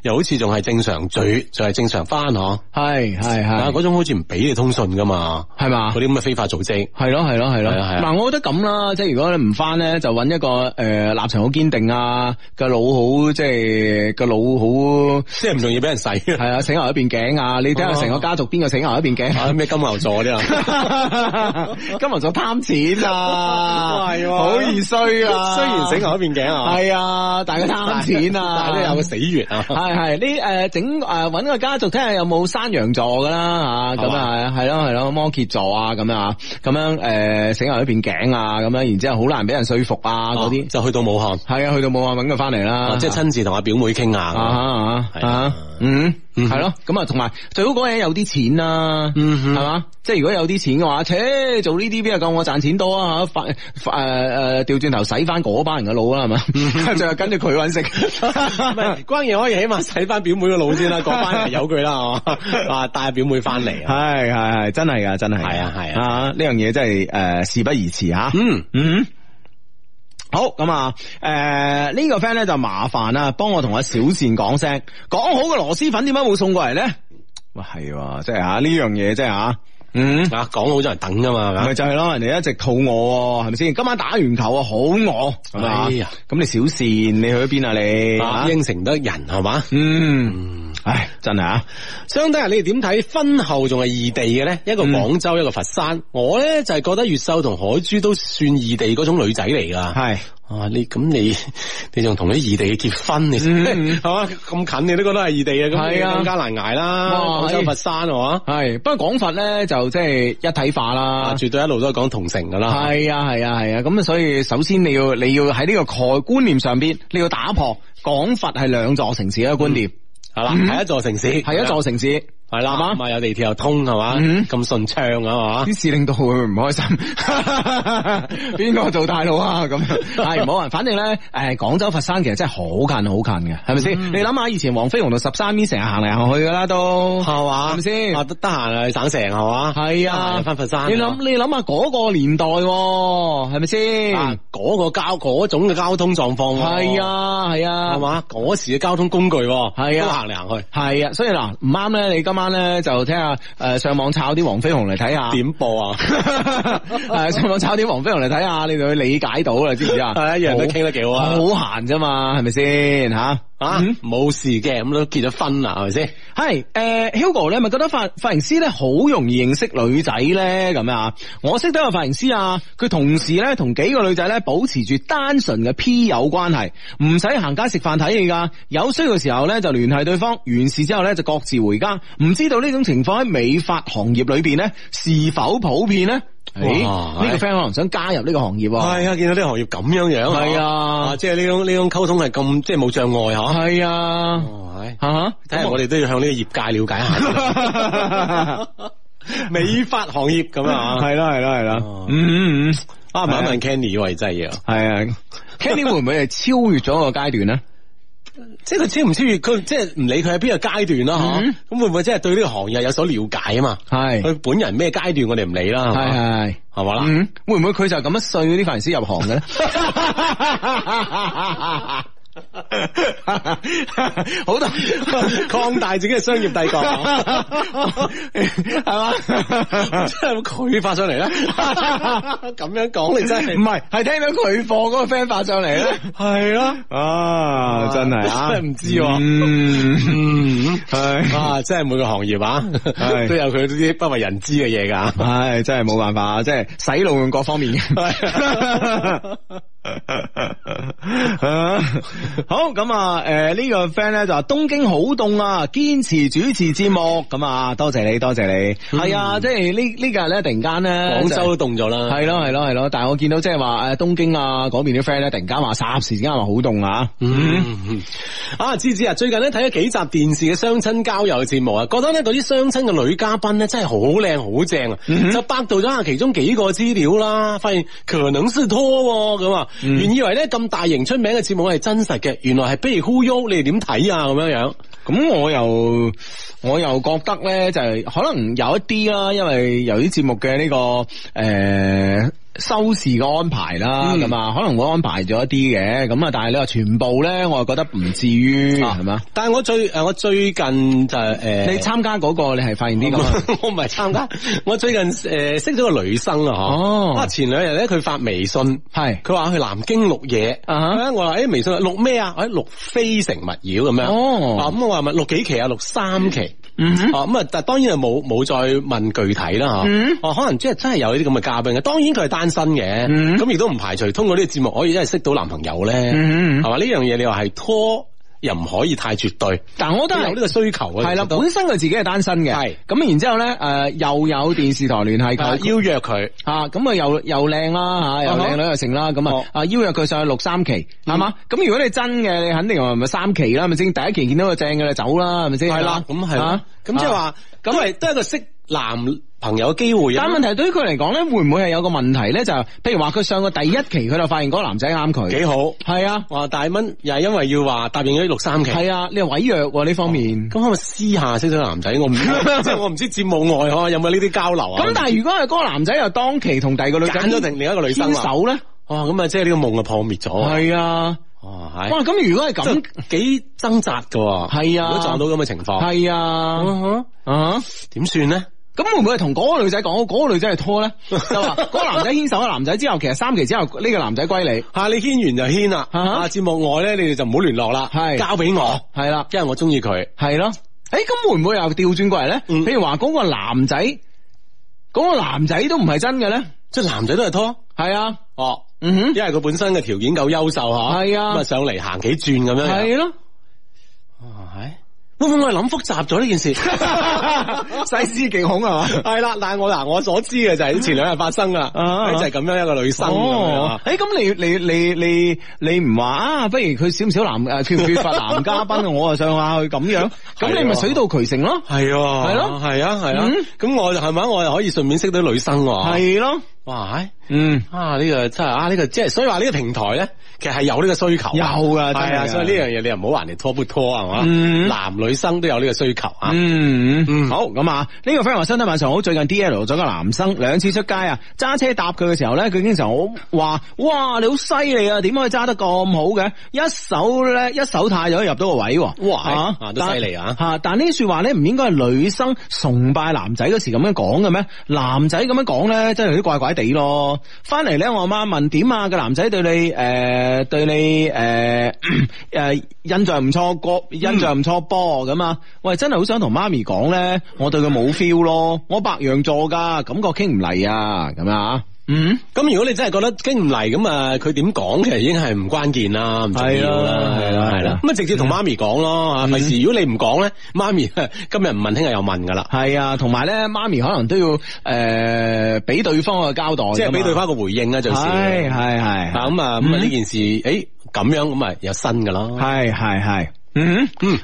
S1: 有？似仲係正常嘴，聚就係、是、正常翻嗬，係係係，嗱嗰種好似唔俾你通訊噶嘛，係嘛，嗰啲咁嘅非法組織，係咯係咯係咯係。但我覺得咁啦，即係如果你唔翻咧，就揾一個誒、呃、立場好堅定啊個腦好，即係個腦好，即係唔容易俾人洗。係啊，死牛一邊頸啊， [LAUGHS] 你睇下成個家族邊個死牛一邊頸啊？咩金牛座啲啊？ [LAUGHS] 金牛座貪錢啊，係 [LAUGHS] 啊，好易衰啊。雖然死牛一邊頸啊，係啊，但係佢貪錢啊， [LAUGHS] 但係有又個死穴啊，係 [LAUGHS] 係。是啲誒整誒揾個家族睇下有冇山羊座噶啦吓，咁啊係咯係咯摩羯座啊咁樣，咁樣誒醒下一邊頸啊咁樣，然之後好難俾人說服啊嗰啲，就去到武漢，係啊去到武漢揾佢翻嚟啦，即係親自同我表妹傾下啊，啊，啊，啊嗯。係、嗯、咯，咁啊，同埋最好嗰樣嘢有啲錢啦，係、嗯、嘛，即係如果有啲錢嘅話，切做呢啲邊夠我賺錢多啊，翻轉誒誒調轉頭洗翻嗰班人嘅腦啦，係嘛，係、嗯、跟住佢搵食，唔係關鍵可以起碼洗翻表妹嘅腦先啦，嗰班人有佢啦，啊帶、啊、表妹翻嚟，係係係真係啊，真係，係啊係啊，呢樣嘢真係誒事不宜遲啊，嗯嗯。好咁、呃呢個、啊，誒呢個 friend 咧就麻煩啦，幫我同阿小倩講聲，講好個螺螄粉點解會送過嚟咧？喂，係喎，即係吓，呢樣嘢即係吓。嗯，啊，講好多人等噶嘛，咪？就係、是、咯，人哋一直肚餓，係咪先？今晚打完球啊，好餓，係咪？咁、哎、你小善，你去咗邊啊？你、啊啊、應承得人係嘛、嗯？嗯，唉，真係啊！相對，你點睇婚後仲係異地嘅咧、嗯？一個廣州，一個佛山，我咧就係、是、覺得越秀同海珠都算異地嗰種女仔嚟噶，係。你、啊、咁你，你仲同你異地結婚你，係嘛咁近你都覺得係異地嘅咁，更加難捱啦。廣州佛山係嘛，係、啊、不過廣佛咧就即係一體化啦、啊，絕對一路都係講同城噶啦。係啊，係啊，係啊，咁、啊啊啊啊、所以首先你要你要喺呢個概觀念上邊，你要打破廣佛係兩座城市嘅觀念，係、嗯、啦，係、嗯、一座城市，係一座城市。係啦，唔係有地鐵又通，係嘛咁順暢啊，嘛啲市領導會唔開心？邊 [LAUGHS] [LAUGHS] 個做大佬啊？咁 [LAUGHS] 係，唔好人。反正咧，誒，廣州佛山其實真係好近好近嘅，係咪先？Mm -hmm. 你諗下，以前黃飛鴻到十三咪成日行嚟行去噶啦，都係嘛，係咪先？得得閒去省城，係嘛？係啊，返佛山。你諗，你諗下嗰個年代，係咪先？嗰、啊嗰個交嗰種嘅交通狀況，係啊係啊，係嘛、啊？嗰時嘅交通工具，係啊，都行嚟行去，係啊。所以嗱，唔啱咧，你今晚。咧就聽下誒，上網炒啲黃飛鴻嚟睇下點播啊，誒、 [LAUGHS] 呃，上網炒啲黃飛鴻嚟睇下，你哋去理解到啦。知唔知啊？係啊，一樣都傾得幾好啊，好閒啫嘛，係咪先吓？是啊，冇、嗯、事嘅，咁都結咗婚啦，係咪先？係、呃，誒，Hugo 你咪覺得髮髮型師咧好容易認識女仔咧，咁啊，我識得個髮型師啊，佢同時咧同幾個女仔咧保持住單純嘅 P 友關係，唔使行街食飯睇戲噶，有需要嘅時候咧就聯繫對方，完事之後咧就各自回家。唔知道呢種情況喺美髮行業裏邊咧是否普遍呢？誒、欸，呢、這個 friend 可能想加入呢個行業啊，係啊，係啊，見到呢啲行業咁樣樣，係啊，即係呢種呢種溝通係咁，即係冇障礙吓，係啊，吓、就是這個，睇、這、下、個就是啊啊啊啊哎、我哋都要向呢個業界了解下， [LAUGHS] 美髮行業咁啊，係啦係啦係啦，嗯，啊問一、啊、問 Candy 喂，真係啊，係啊 [LAUGHS] ，Candy 會唔會係超越咗個階段咧？即係佢知唔知佢即係唔理佢喺邊個階段啦，咁、嗯、會唔會即係對呢個行業有所了解啊？嘛係佢本人咩階段我哋唔理啦，係嘛係係嘛啦，會唔會佢就咁樣信嗰啲粉絲入行嘅咧？ [LAUGHS] [LAUGHS] [LAUGHS] [LAUGHS] 好 [LAUGHS] 大，擴大自己嘅商業帝國，係 [LAUGHS] 嘛？ [LAUGHS] 即係佢發上嚟咧，咁 [LAUGHS] 樣講你真係唔係，係聽到佢放嗰個 friend 發上嚟咧，係咯、
S2: 啊，啊，真係，真係唔、啊、知、啊，嗯，係 [LAUGHS] 啊，
S1: 真係每個行業啊， [LAUGHS] 都有佢啲不為人知嘅嘢噶，唉，真係冇辦法、啊，即係洗腦各方面。 [LAUGHS] [LAUGHS] [LAUGHS] [LAUGHS] 好咁啊，誒、呃、呢、這個 friend 咧就話東京好凍啊，堅持主持節目咁、嗯、啊，多謝你，多謝你，係、嗯、啊，即係呢呢日咧突然間咧，廣州都凍咗啦，係咯係咯係咯，但係我見到即係話誒東京啊嗰邊啲 friend 咧突然間話霎時之間話好凍啊，嗯、 [LAUGHS] 啊芝芝啊，最近咧睇咗幾集電視嘅相親交友嘅節目啊，覺得呢對啲相親嘅女嘉賓咧真係好靚好正，啊、嗯，就百度咗下其中幾個資料啦，發現可能是拖咁啊。嗯、原以為咧咁大型出名嘅節目係真實嘅，原來係不如忽悠，你哋點睇啊？咁樣樣，咁我又我又覺得咧，就係、是、可能有一啲啦，因為由於節目嘅呢、這個誒。呃收視嘅安排啦，咁、嗯、啊可能會安排咗一啲嘅，咁啊但係你話全部咧，我係覺得唔至於係嘛？但係我最誒我最近就誒你參加嗰、那個、呃、你係發現啲咁、 [LAUGHS] 呃哦、啊？我唔係參加，我最近誒識咗個女生啊哦，前兩日咧佢發微信係，佢話去南京錄嘢啊，我話誒微信錄咩啊？誒錄《非誠勿擾》咁樣哦，咁我話咪錄幾期啊？錄三期，哦咁啊，但係當然係冇冇再問具體啦吓，哦、嗯、可能即係真係有呢啲咁嘅嘉賓嘅，當然佢帶。單身嘅，咁亦都唔排除通過呢個節目可以真係識到男朋友咧，係嘛呢樣嘢？你話係拖又唔可以太絕對，但我覺得有呢個需求嘅，係啦，本身佢自己係單身嘅，係咁然之後咧，誒、呃、又有電視台聯繫佢，邀約佢啊，咁啊又又靚啦吓，又靚女、啊、又成啦，咁啊啊邀約佢上去六三期，係、嗯、嘛？咁如果你真嘅，你肯定話咪三期啦，咪先第一期見到個正嘅啦，就是、你走啦，係咪先？係啦，咁係啊，咁即係話，咁、啊、係、嗯、都係一個識。男朋友嘅機會，但係問題對於佢嚟講咧，會唔會係有個問題咧？就是、譬如話佢上個第一期，佢就發現嗰個男仔啱佢，幾好係啊！話大蚊又係因為要話答應咗六三期，係啊！你又毀約呢方面，咁、哦、我咪私下識咗個男仔，我唔即係我唔知道，我唔知道節目外嗬，有冇呢啲交流啊？咁 [LAUGHS] 但係如果係嗰個男仔又當期同第二個女仔另一個女生牽手啦，哇！咁、哦、啊，即係呢個夢就破滅咗，係啊，哇！咁如果係咁幾掙扎噶，係啊，如果撞到咁嘅情況，係啊，啊點算咧？嗯嗯嗯咁會唔會同嗰個女仔講？嗰、那個女仔係拖咧， [LAUGHS] 就話嗰、那個男仔牽手個男仔之後，其實三期之後呢、這個男仔歸你，吓、啊、你牽完就牽啦，吓、啊、節、啊、目外咧，你哋就唔好聯絡啦。係交俾我，係啦，因為我中意佢。係咯，誒、欸，咁會唔會又調轉過嚟咧、嗯？譬如話嗰個男仔，嗰、那個男仔都唔係真嘅咧，即係男仔都係拖。係啊，哦，嗯、哼，因為佢本身嘅條件夠優秀係係啊，咁啊上嚟行幾轉咁樣。係咯。我我諗複雜咗呢件事， [LAUGHS] 細思極恐啊嘛？係啦，但係我嗱我所知嘅就係前兩日發生噶、啊，就係、是、咁樣一個女生。誒、啊，咁、嗯、你你你你你唔話啊？不如佢少唔少男誒缺乏男嘉賓、 [LAUGHS] [LAUGHS] [LAUGHS] 嗯，我啊上去咁樣，咁你咪水到渠成咯？係係咯，係啊係啊，咁我就係我又可以順便識到女生喎。係咯。哇嗯啊呢、這個真係啊呢、這個即係，所以話呢個平台咧，其實係有呢個需求，有㗎，係啊，所以呢樣嘢你又唔好話人哋拖不拖係嘛、嗯，男女生都有呢個需求啊，嗯嗯好咁啊，呢、這個 friend 話身體晚上好，最近 D L 咗個男生兩次出街啊，揸車搭佢嘅時候咧，佢經常好話，哇你好犀利啊，點可以揸得咁好嘅？一手咧，一手太咗入到個位，哇都犀利啊吓、啊，但呢說話咧唔應該係女生崇拜男仔嗰時咁樣講嘅咩？男仔咁樣講咧真係有啲怪怪。地咯，翻嚟咧，我阿媽問點啊？個男仔對你誒、呃，對你誒誒、呃呃、印象唔錯，個印象唔錯波咁啊？喂、嗯，真係好想同媽咪講咧，我對佢冇 feel 咯，我白羊座噶感覺傾唔嚟啊，咁啊。嗯，咁如果你真係覺得經唔嚟咁啊，佢點講其實已經係唔關鍵啦，唔重要啦，係啦係啦，咁啊直接同媽咪講咯，係、嗯、費事如果你唔講咧，媽咪今日唔問，聽日又問噶啦。係啊，同埋咧，媽咪可能都要誒俾、呃、對方個交代，即係俾對方個回應啊，嗯、就算。係係係。咁啊，咁啊呢件事，誒咁樣咁啊有新噶咯。係係係。嗯、mm、嗯 -hmm. mm -hmm.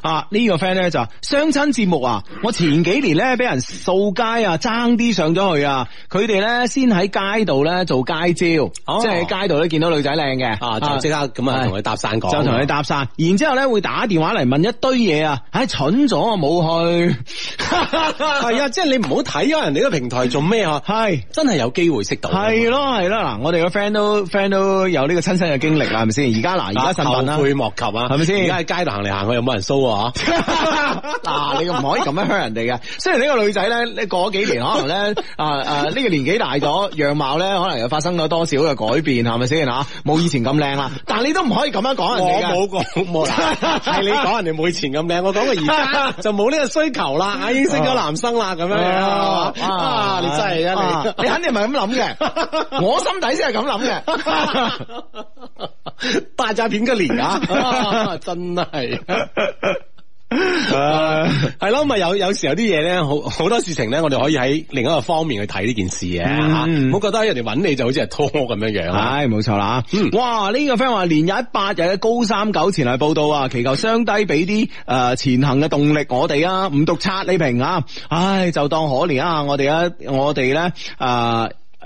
S1: 啊呢、呢個 friend 咧就相親節目啊，我前幾年咧俾人掃街啊爭啲上咗去啊，佢哋咧先喺街度咧做街招、oh. 即係喺街度咧見到女仔靚嘅啊就即、啊、刻咁啊同佢搭訕，講就同佢搭訕，然之後咧會打電話嚟問一堆嘢啊，唉蠢咗啊，冇去係啊 [LAUGHS] [LAUGHS] 即係你唔好睇啊，人哋個平台做咩啊，係真係有機會識到，係咯係咯，嗱我哋個 friend 都 friend 都有呢個親身嘅經歷，係咪先？而家嗱，而家後悔莫及啊，係咪先？而家喺街度行嚟我又冇人 show 喎，嗱，你唔可以咁樣向人哋嘅。雖然呢個女仔咧，你過幾年，可能咧，啊、呃、呢、呃這個年紀大咗，樣貌咧，可能又發生咗多少嘅改變，係咪先啊？冇 [LAUGHS] 以前咁靚啦，但係你都唔可以咁樣講人哋，我冇講，冇係你講人哋冇以前咁靚，我講佢而家就冇呢個需求啦，已經識咗男生啦，咁樣你真係啊，你啊啊你，啊你肯定唔係咁諗嘅， [LAUGHS] 我心底先係咁諗嘅，大詐片嘅年啊，
S2: 真係。
S1: 係 [LAUGHS] 咯、uh, [LAUGHS] 咪有有時候有啲嘢咧，好好多事情咧，我哋可以喺另一個方面去睇呢件事嘅吓，唔、mm. 好覺得人哋揾你就好似係拖咁樣嘅。Mm. 唉，冇錯啦。哇，呢、這個 friend 話連日八日嘅高三九前嚟報道啊，祈求雙低俾啲誒前行嘅動力我哋啊，唔讀冊你平啊，唉，就當可憐啊，我哋啊，我哋咧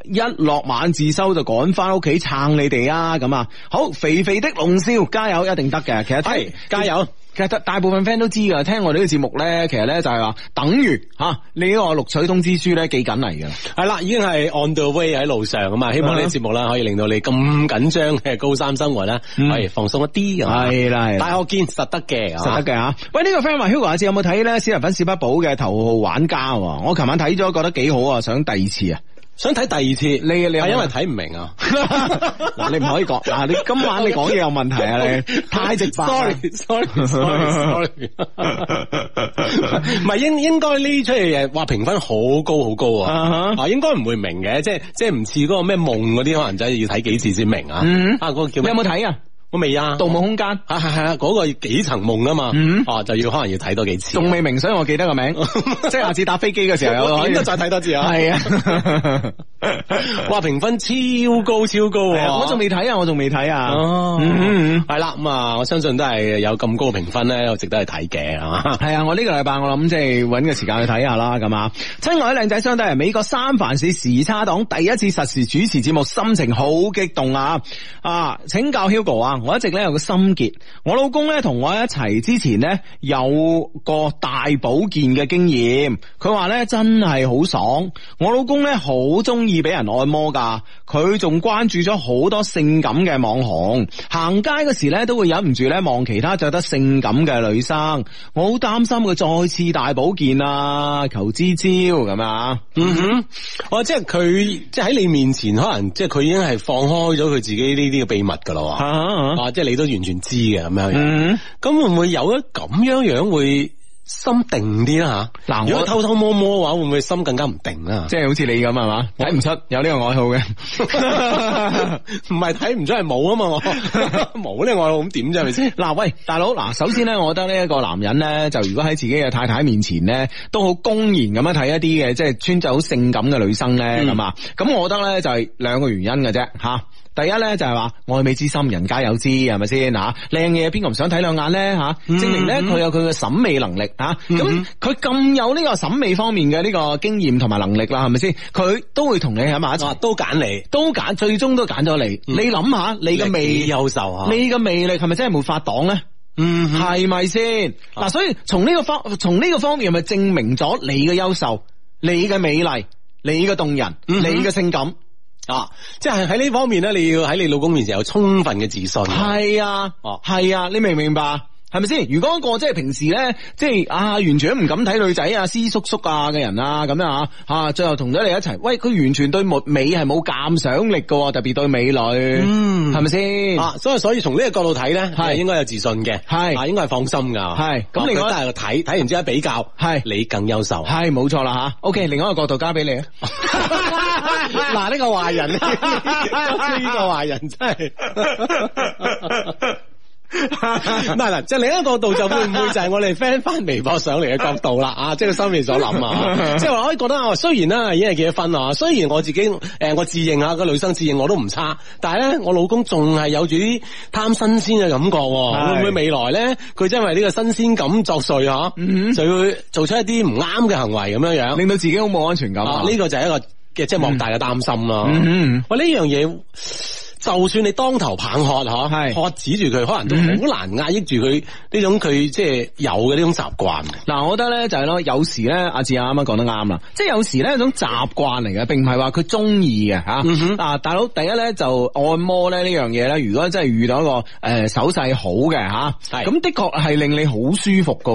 S1: 一落晚自修就趕翻屋企撐你哋啊！咁啊，好肥肥的龍少，加油，一定得嘅。其實係加油。其實大大部分 friend 都知噶，聽我哋呢個節目咧，其實咧就係、是、話等於吓、啊，你呢個錄取通知書咧記緊嚟噶。係啦，已經係 on the way 喺路上咁啊，希望呢個節目啦可以令到你咁緊張嘅高三生活咧係、嗯、放鬆一啲。係啦，大學堅實得嘅，實得嘅吓。喂，呢、這個 friend 話 Hugo 阿志有冇睇咧史提芬史匹堡嘅頭號玩家？我琴晚睇咗，覺得幾好啊，想第二次啊。想睇第二次，你你係因為睇唔明啊？嗱， [LAUGHS] 你唔可以講，嗱，你今晚你講嘢有問題啊！你 [LAUGHS] 太直白。 [LAUGHS]
S2: sorry，sorry，sorry，sorry [LAUGHS]
S1: 唔係應應該呢出嘢話評分好高好高啊！Uh -huh. 嗱，應該唔會明嘅，即係即係唔似嗰個咩夢嗰啲可能真係要睇幾次先明啊！Mm -hmm. 啊，嗰個叫咩，你有冇睇啊？我未啊，《盜夢空間》啊，係係啊，嗰、那個幾層夢啊嘛，哦、嗯啊，就要可能要睇多幾次，仲未明，所以我記得個名， [LAUGHS] 即係下次搭飛機嘅時候， [LAUGHS] 有個我應該再睇多次啊。係啊，哇，評分超高超高，啊，我仲未睇啊，我仲未睇啊。哦、係、嗯、啦、嗯嗯，咁啊，我相信都係有咁高嘅評分咧，值得去睇嘅啊。係 [LAUGHS] 啊，我呢個禮拜我諗即係搵個時間去睇下啦，咁啊，親愛嘅靚仔兄弟，美國三藩市時差黨第一次實時主持節目，心情好激動啊！啊，請教 Hugo 啊。我一直咧有個心結，我老公咧同我一齊之前呢，有個大保健嘅經驗，佢話咧真係好爽。我老公咧好中意俾人按摩噶，佢仲關注咗好多性感嘅網紅，行街嗰時咧都會忍唔住咧望其他着得性感嘅女生。我好擔心佢再次大保健啊！求支招咁啊！嗯哼，哦，即係佢即係喺你面前，可能即係佢已經係放開咗佢自己呢啲嘅秘密噶啦。 [LAUGHS] 啊、即係你都完全知嘅咁樣，咁、嗯、會唔會有咁樣樣會心定啲啦。吓、啊？如果偷偷摸摸嘅話，會唔會心更加唔定啊？即係好似你咁係嘛？睇唔出有呢個愛好嘅，唔係睇唔出係冇啊嘛！冇呢個 [LAUGHS] 愛好，咁點啫？係咪先？嗱，喂，大佬，嗱，首先咧，我覺得呢一個男人咧，就如果喺自己嘅太太面前咧，都好公然咁樣睇一啲嘅，即、就、係、是、穿着好性感嘅女生咧，係、嗯、嘛？咁我覺得咧，就係兩個原因嘅啫，吓。第一咧，就係話愛美之心人皆有之，係咪先？吓，靚嘢邊個唔想睇兩眼咧吓、mm -hmm. 證明咧，佢有佢嘅審美能力吓，咁佢咁有呢個審美方面嘅呢個經驗同埋能力啦，係咪先，佢都會同你喺埋一齊、mm -hmm. 啊，都揀，你都揀，最終都揀咗你，你諗下你嘅魅優秀，你嘅魅力係咪真係無法擋咧？嗯，係咪先。嗱，所以從呢個方從呢個方面係咪證明咗你嘅優秀，你嘅美麗，你嘅動人、mm -hmm. 你嘅性感？啊！即係喺呢方面咧，你要喺你老公面前有充分嘅自信。係啊，哦，係啊，你明唔明白？係咪先？如果一個即係平時咧，即係啊，完全唔敢睇女仔啊，師叔叔啊嘅人啊，咁樣啊，啊，最後同咗你一齊，喂，佢完全對美係冇鑒賞力噶，特別對美女，嗯，係咪先？啊，所以所以從呢個角度睇咧，係應該有自信嘅，係啊，應該係放心噶，係。咁你覺得睇睇完之後比較，係你更優秀，係冇錯啦吓。OK，另外一個角度交俾你啊。
S2: 嗱
S1: [LAUGHS] 呢 [LAUGHS] [LAUGHS] 個壞人，呢、 [LAUGHS] [LAUGHS] [LAUGHS] 這個壞人真係。 [LAUGHS] 唔係啦，即係另一個角度就會唔會就係我哋 friend 翻微博上嚟嘅角度啦，啊 [LAUGHS] [LAUGHS] 即係心入邊所諗啊，即係我可以覺得啊，雖然啦已經係結咗婚，雖然我自己誒我自認啊個女生自認我都唔差，但係咧我老公仲係有住啲貪新鮮嘅感覺，會唔會未來咧佢真係呢因為這個新鮮感作祟嗬、嗯，就會做出一啲唔啱嘅行為咁、嗯、樣樣，令、嗯、到自己好冇安全感啊？呢、這個就係一個嘅即係莫大嘅擔心咯。喂、嗯，呢、嗯、樣嘢。就算你當頭棒喝，嗬，係喝止住佢，可能都好難壓抑住佢呢種佢即係有嘅呢種習慣。嗱、嗯，我覺得咧就係、是、咯，有時咧，阿志啱啱講得啱啦，即係有時咧，一種習慣嚟嘅，並唔係話佢中意嘅吓。啊、嗯，大佬，第一咧就按摩咧呢樣嘢咧，如果真係遇到一個誒、呃、手勢好嘅吓，咁的確係令你好舒服噶、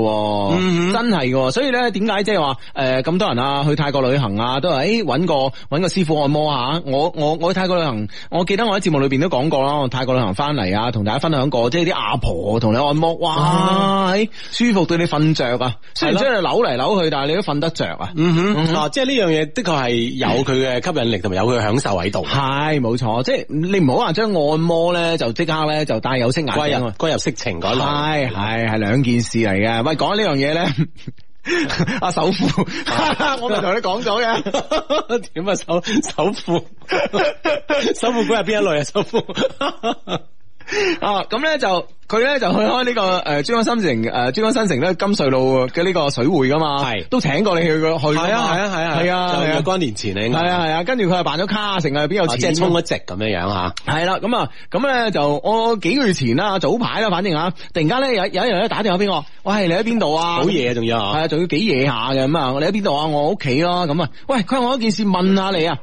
S1: 嗯，真係噶。所以咧，點解即係話誒咁多人啊去泰國旅行啊，都係誒揾個揾個師傅按摩下。我，我我我去泰國旅行，我記得我喺節目。裏邊都講過啦，泰國旅行翻嚟啊，同大家分享過，即係啲阿婆同你按摩，哇，啊欸、舒服到你瞓着啊！雖然即係扭嚟扭去，但係你都瞓得着啊、嗯哼嗯哼！啊，即係呢樣嘢的確係有佢嘅吸引力，同埋有佢嘅享受喺度。係，冇錯，即係你唔好話將按摩咧，就即刻咧就帶有色眼鏡，歸入歸入色情嗰類。係係係兩件事嚟嘅。喂，講呢樣嘢咧。阿首富，啊、哈哈我咪同你講咗嘅。點啊，啊首首富，首富股係邊一類啊首富？ [LAUGHS] 啊，咁咧就佢咧就去開呢、這個誒珠江新城誒珠江新城咧金穗路嘅呢個水匯噶嘛，係都請過你去佢去，係啊係啊係啊，就係嗰年前嚟係啊係啊，跟住佢係辦咗卡，成日邊有錢即係充一值咁樣樣吓，係啦，咁啊，咁、啊、咧就我幾個月前啦，早排啦，反正吓，突然間咧有有一日咧打電話俾我，喂，你喺邊度啊？好夜啊，仲要係啊，仲要幾夜下嘅咁啊，我你喺邊度啊？我屋企咯，咁啊，喂，佢話我一件事問下你啊，誒、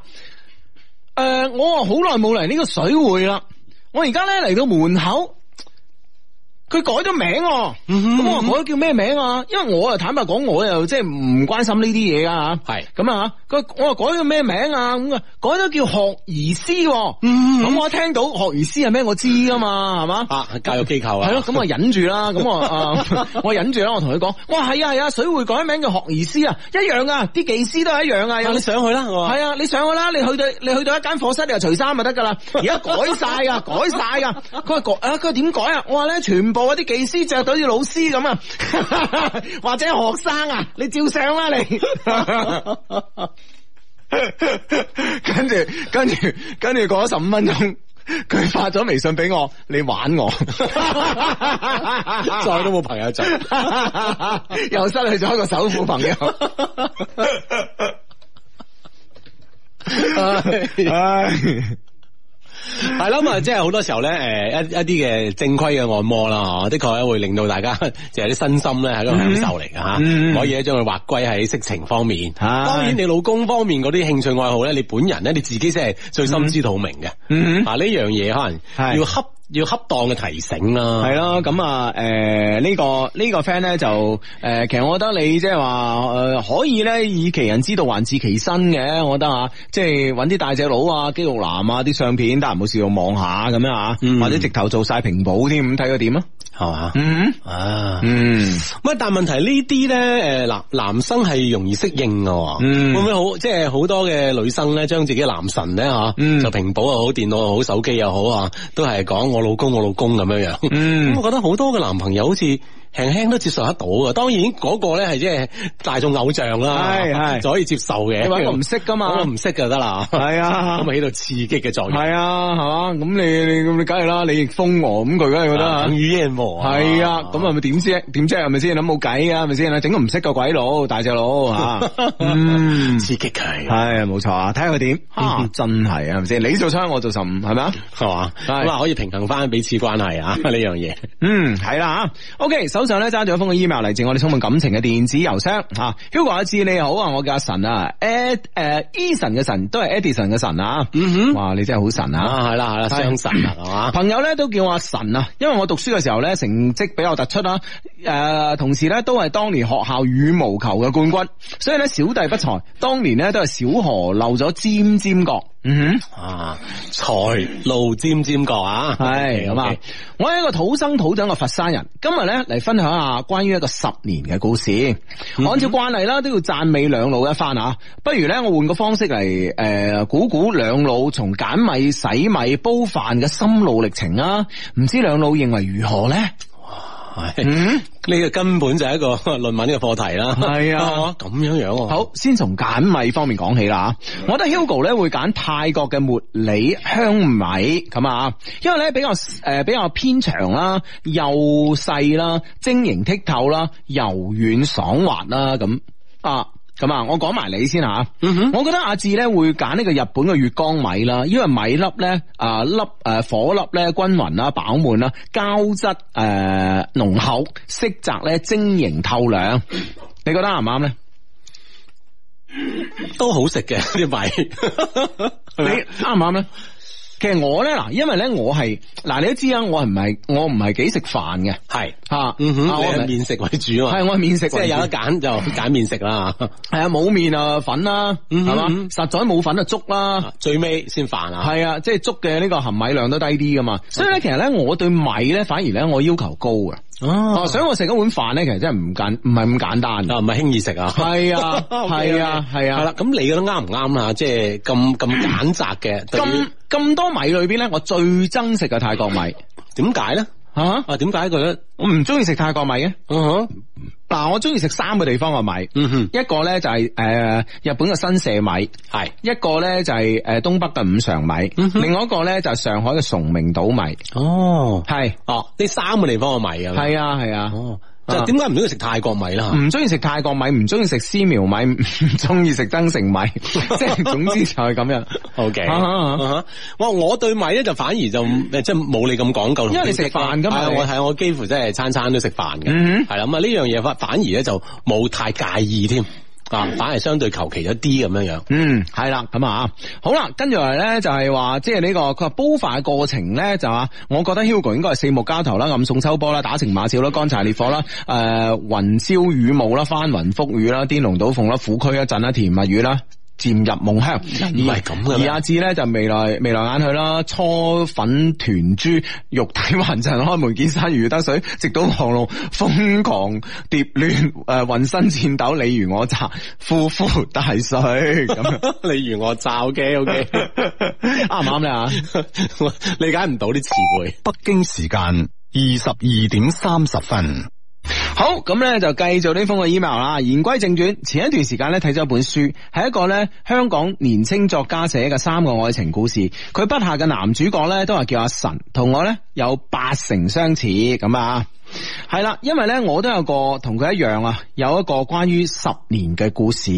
S1: 呃，我好耐冇嚟呢個水匯啦。我而家咧嚟到門口。佢改咗名，咁我改叫咩名啊？因為我又坦白講，我又即係唔關心呢啲嘢噶吓。係咁啊，佢我話改叫咩名啊？咁改咗叫學而思喎。咁、嗯、我聽到學而思係咩？我知㗎嘛，係嘛？啊，教育機構啊。係咯，咁我， [LAUGHS] 我，我、uh, 我忍住啦，咁我我忍住啦，我同佢講，哇，係係啊係啊，啊，水會改名叫學而思啊，一樣啊啲技師都係一樣啊，啊。你上去啦，係啊，你上去啦，你去到你去到一間課室，你又除衫就得噶啦。而家改晒噶，改晒噶。佢話、 [LAUGHS] 啊、改，佢話點改啊？我話咧全。播啲技師着到似老師咁啊，或者學生啊，你照相啦你。跟住，跟住跟住過咗十五分鐘，佢發咗微信俾我，你玩我，
S2: [LAUGHS] [LAUGHS] 再都冇朋友就， [LAUGHS] 又失去咗一個首富朋友。哎。 [LAUGHS] [LAUGHS]
S1: 係啦，咁即係好多時候咧，誒一一啲嘅正規嘅按摩啦，的確會令到大家即係啲身心咧喺一個享受嚟㗎。吓、mm -hmm.，可以將佢劃歸喺色情方面。Ah. 當然你老公方面嗰啲興趣愛好咧，你本人咧你自己先係最心知肚明嘅。嗱呢樣嘢可能要恰。要恰當嘅提醒啦、啊，係囉。咁、呃、啊，誒、這個這個、呢個呢個 friend 咧就誒、呃，其實我覺得你即係話誒可以咧，以其人之道還治其身嘅，我覺得啊，即係揾啲大隻佬啊、肌肉男啊啲相片，得閒冇事要望下咁樣啊，嗯、或者直頭做晒屏保添，咁睇佢點啊，係、嗯、嘛、嗯，嗯啊，嗯，喂，但問題呢啲咧，誒，男男生係
S2: 容易適應喎。嗯、
S1: 會唔會好？即係好多嘅女生咧，將自己男神咧吓，嗯、就屏保又好，電腦又好，手機又好啊，都係講。我老公，我老公咁樣樣，嗯，咁我覺得好多嘅男朋友好似。輕輕，輕都接受得到嘅，當然嗰個咧係即係大眾偶像啦，係係可以接受嘅。因為我唔識噶嘛？我唔識就得啦。係啊，咁啊起到刺激嘅作用。係啊，係嘛？咁你你你梗係啦，你瘋狂咁佢，梗係覺得等於惹禍。係啊，咁係咪點知？點知係咪先諗冇計啊？係咪先整個唔識個鬼佬大隻佬啊、 [LAUGHS] 嗯！刺激佢，係、哎，啊，冇錯啊！睇下佢點真係啊，係咪先？你做初一我做十五，係咪啊？係嘛？咁啊，可以平衡翻彼此關係 [LAUGHS] 啊呢樣嘢。嗯，係啦吓。OK，上咧揸住一封嘅 email 嚟，自我哋充滿感情嘅電子郵箱吓，Hugo 阿志你好啊，我叫阿神 Ad, 啊，Ed 誒 Eason 嘅神都係 Edison 嘅神啊，嗯哼，哇你真係好神啊，係啦係啦，雙神啊，係嘛？朋友咧都叫我阿神啊，因為我讀書嘅時候咧成績比較突出啦，誒、啊，同時咧都係當年學校羽毛球嘅冠軍，所以咧小弟不才，當年呢都係小荷露咗尖尖角。嗯啊，財路尖尖角啊，係咁啊！我係一個土生土長嘅佛山人，今日咧嚟分享下關於一個十年嘅故事。Mm -hmm. 按照慣例啦，都要讚美兩老一番啊！不如咧，我換個方式嚟，誒、呃，估估兩老從揀米、洗米、煲飯嘅心路歷程啊！唔知兩老認為如何咧？嗯、 [LAUGHS] mm。-hmm. 呢個根本就係一個論文呢個課題啦，係啊，咁樣樣、啊。好，先從揀米方面講起啦吓、嗯，我覺得 Hugo 咧會揀泰國嘅茉莉香米咁啊，因為咧比較誒比較偏長啦、幼細啦、晶瑩剔透啦、柔軟爽滑啦咁啊。咁啊，我講埋你先吓、嗯哼，我覺得阿志咧會揀呢個日本嘅月光米啦，因為米粒咧啊粒誒火粒咧均匀啦飽滿啦膠質誒濃厚，色澤咧晶瑩透亮，你覺得啱唔啱咧？都好食嘅啲米， [LAUGHS] [LAUGHS] 你啱唔啱咧？其實我咧嗱，因為咧我係嗱，你都知唔係唔係係啊，我係唔係我唔係幾食飯嘅，係啊，嗯哼，我係麵食為主啊，係我係麵食，怪怪即係有得揀就揀麵食啦，係、嗯、啊，冇麵啊粉啦，係、嗯、嘛，實在冇粉就粥啦、啊，最尾先飯啊，係啊，啊，啊，即係粥嘅呢個含米量都低啲噶嘛、嗯，所以咧其實咧我對米咧反而咧我要求高啊。啊、哦，所以我食嗰碗飯咧，其實真係唔簡，唔係咁簡單，唔係輕易食啊！係啊，啊，係 [LAUGHS] 啊，係啊！咁你覺得啱唔啱啊？即係咁咁揀擇嘅，咁咁、啊就是、多米裏邊咧，我最憎食嘅泰國米，點解咧？啊啊！點解佢咧？我唔中意食泰國米嘅。嗯、啊、哼，嗱、啊，我中意食三個地方嘅米。嗯哼，一個咧就係、是、誒、呃、日本嘅新社米，係一個咧就係誒東北嘅五常米，嗯、另外一個咧就係上海嘅崇明島米。哦，係哦，呢三個地方嘅米
S2: 啊。係啊，係
S1: 啊。哦就點解唔中意食泰國米啦？唔中意食泰國米，唔中意食絲苗米，唔中意食增城米，即 [LAUGHS] 係 [LAUGHS] 總之就係咁樣。OK，哇！我對米咧就反而就即係冇你咁講究，因為你食飯噶嘛。係啊，我係我幾乎真係餐餐都食飯嘅，係啦咁啊，呢樣嘢反反而咧就冇太介意添。啊，反而相對求其一啲咁樣樣，嗯，係啦，咁啊，好啦，跟住嚟咧就係話，即係呢個佢話煲飯嘅過程咧就話，我覺得 Hugo 應該係四目交投啦，暗送秋波啦，打情罵俏啦，乾柴烈火啦，誒、呃，雲霄雨霧啦，翻雲覆雨啦，顛龍倒鳳啦，虎區一陣啦，甜蜜雨啦。漸入夢鄉，唔係咁嘅。而阿志咧就未來未來眼去啦，初粉團珠肉體渾塵，開門見山如得水，直到黃龍瘋狂蝶亂，誒、呃、渾身顫抖，你如我詐，呼呼大水咁 [LAUGHS] 你如我詐，ok ok，啱唔啱呀？理 [LAUGHS] 解唔到啲詞彙。北京時間二十二點三十分。好咁咧就繼續呢封嘅 email 啦。言歸正傳，前一段時間咧睇咗本書，係一個咧香港年輕作家寫嘅三個愛情故事。佢筆下嘅男主角咧都係叫阿神，同我咧有八成相似咁啊。係啦，因為咧我都有個同佢一樣啊，有一個關於十年嘅故事。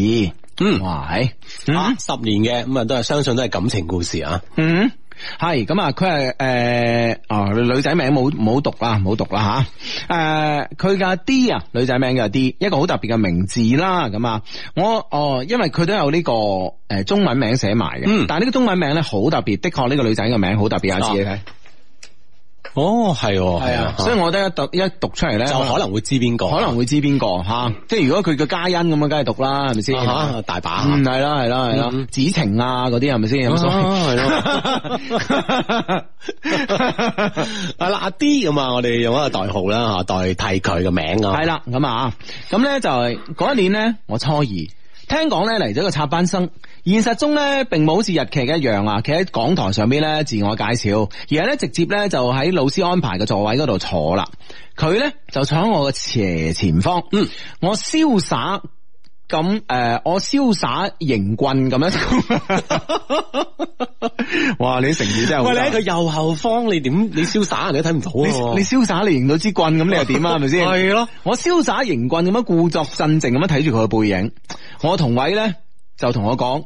S1: 嗯，喂，係、嗯啊，十年嘅咁啊都係相信都係感情故事啊。嗯。係咁啊，佢係誒，哦，女仔名冇冇讀啦，冇讀啦吓。誒，佢嘅 D 啊，女仔名嘅，呃，D, D，一個好特別嘅名字啦。咁啊，我，呃，哦，因為佢都有呢，這個誒，呃，中文名寫埋嘅，嗯，但係呢個中文名咧好特別，的確呢個女仔嘅名好特別啊，自己睇。哦，係，係啊，所以我覺得一讀一讀出嚟咧，就可能會知邊個、啊，可能會知邊個，吓，即係如果佢個嘉欣咁啊，梗係讀啦，係咪先？大把，嗯，係啦，係啦，係啦，子、嗯、晴啊，嗰啲係咪先咁？所以係啊啦，阿 D 咁啊，是 [LAUGHS] 我哋用一個代號啦吓，代替佢嘅名啊。係啦，咁啊，咁咧就係嗰一年咧，我初二，聽講咧嚟咗個插班生。現實中咧，並冇好似日劇嘅一樣啊，企喺講台上邊咧自我介紹，而係咧直接咧就喺老師安排嘅座位嗰度坐啦。佢咧就坐喺我嘅斜前方，嗯，我瀟灑咁誒，我瀟灑迎棍咁樣。 [LAUGHS] 哇，你成字真係。喂，你喺佢右後方，你點你瀟灑？你都睇唔到喎。你瀟灑，你迎到支棍咁，你又點啊？係咪先？係 [LAUGHS] 咯，我瀟灑迎棍咁樣，故作鎮靜咁樣睇住佢嘅背影。我同位咧就同我講。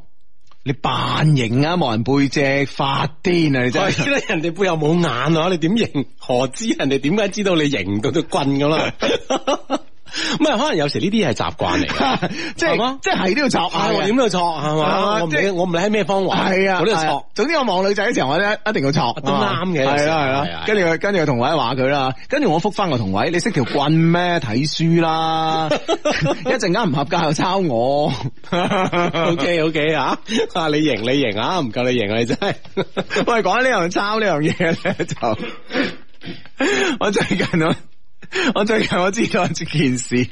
S1: 你扮型啊，望人背脊發癲啊！你真係， [LAUGHS] 人哋背又冇眼，啊，你點型？何知人哋點解知道你型到隻棍咁啦。 [LAUGHS] [LAUGHS] [LAUGHS] 唔係，可能有時呢啲係習慣嚟嘅，即係即係係都要錯，我點都要錯，係嘛？我唔、啊啊、理，啊、我唔理喺咩、啊、方位，係啊，我都要錯、啊。總之我望女仔嘅時候，我咧一定要錯，都啱嘅。係啦、啊，係啦、啊，跟住跟住個同位話佢啦，跟住、啊、我覆翻個同位，啊、你識條棍咩？睇書啦，一陣間唔合格又抄我。O K O K 啊，啊你贏你贏啊，唔夠你贏啊，你，你，啊你， [LAUGHS] 你真係。喂，講緊呢樣抄呢樣嘢咧，就 [LAUGHS] 我最近我。我最近我知咗一件事，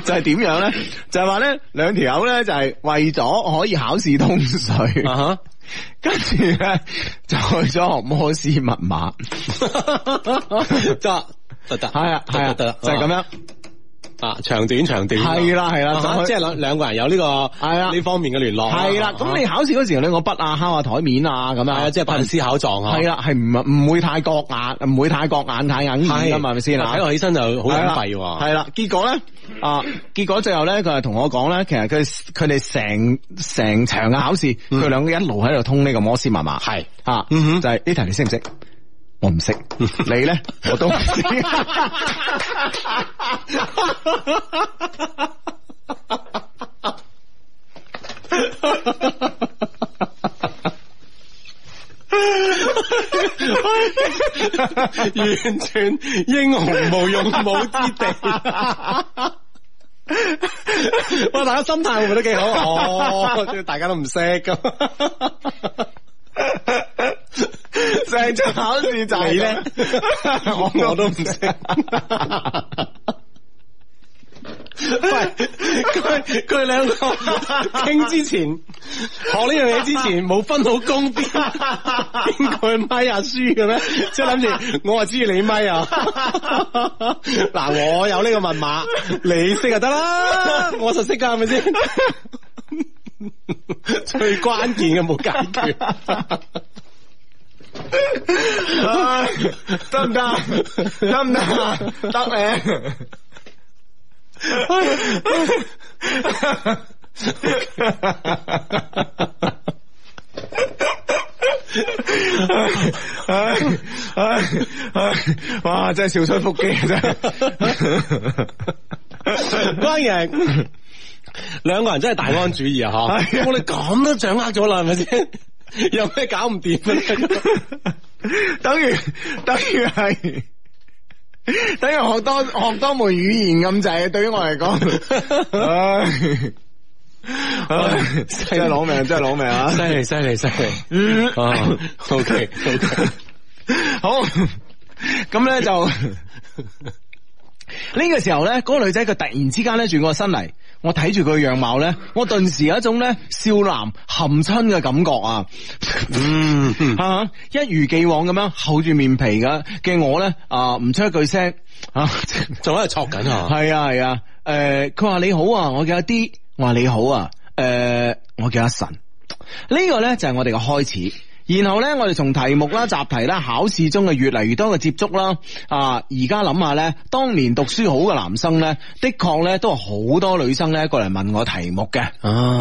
S1: 就係點樣咧？就係話咧，兩條友咧就係為咗可以考試通水，跟住咧就去咗學摩斯密碼，得得係啊係啊得啦，就係咁樣。啊，長短，長短，係啦，係啦、啊，即係兩兩個人有呢、這個係啊呢方面嘅聯絡，係啦。咁你考試嗰時你我筆啊敲下檯面啊咁樣，即係憑思考撞啊。係啦，係唔唔會太覺眼，唔會太覺眼太眼耳噶嘛，係咪先啦，喺度起身就好隱蔽喎。係啦，結果咧啊，結果最後咧，佢係同我講咧，其實佢佢哋成成場嘅考試，佢兩個一路喺度通呢個摩斯密碼，係、嗯、啊，嗯、就係呢題你識唔識？嗯我唔識，你咧？ [LAUGHS] 我都唔識，
S2: 完全英雄無用武之地。哇，大家心態會唔會都幾好哦，大
S1: 家都唔識咁。
S2: 出考試就咧，我都唔識。喂，佢佢兩個
S1: 傾之前學呢樣嘢，之前冇分好工，邊邊個咪去買下書咩？即係諗住我啊知你咪啊，嗱我有呢個密碼，你識就得啦。我就我識噶係咪先？
S2: 最關鍵嘅冇解決。得唔得？得唔得？得咧、 [LAUGHS] 哎哎哎！哎！哇！真係笑出腹肌啊！真係，歡迎兩個人真
S1: 係大安旨意啊！吓，我哋咁都掌握咗啦，係咪先？ [LAUGHS] 有咩搞唔掂？ [LAUGHS] 等於等於係等於學多學多門語言咁滯，對於我嚟講，唉、 [LAUGHS] 哎哎哎，真係攞命，真係攞命啊！犀利，犀利，犀利。嗯、oh,，OK，OK，、okay, okay. 好。咁咧就呢 [LAUGHS] 個時候咧，嗰、那個女仔佢突然之間咧轉個身嚟。我睇住佢樣貌咧，我頓時有一種咧少男含親嘅感覺啊！嗯，吓、嗯，一如既往咁樣厚住面皮㗎。嘅我咧啊，唔出一句聲 [LAUGHS] 啊，仲喺度戳緊啊！係啊係啊，誒、呃，佢話你好啊，我叫阿 D，話你好啊，誒、呃，我叫阿神，呢、這個咧就係我哋嘅開始。然後咧，我哋從題目啦、集題啦、考試中嘅越嚟越多嘅接觸啦，啊，而家諗下咧，當年讀書好嘅男生咧，的確咧都係好多女生咧過嚟問我題目嘅，啊，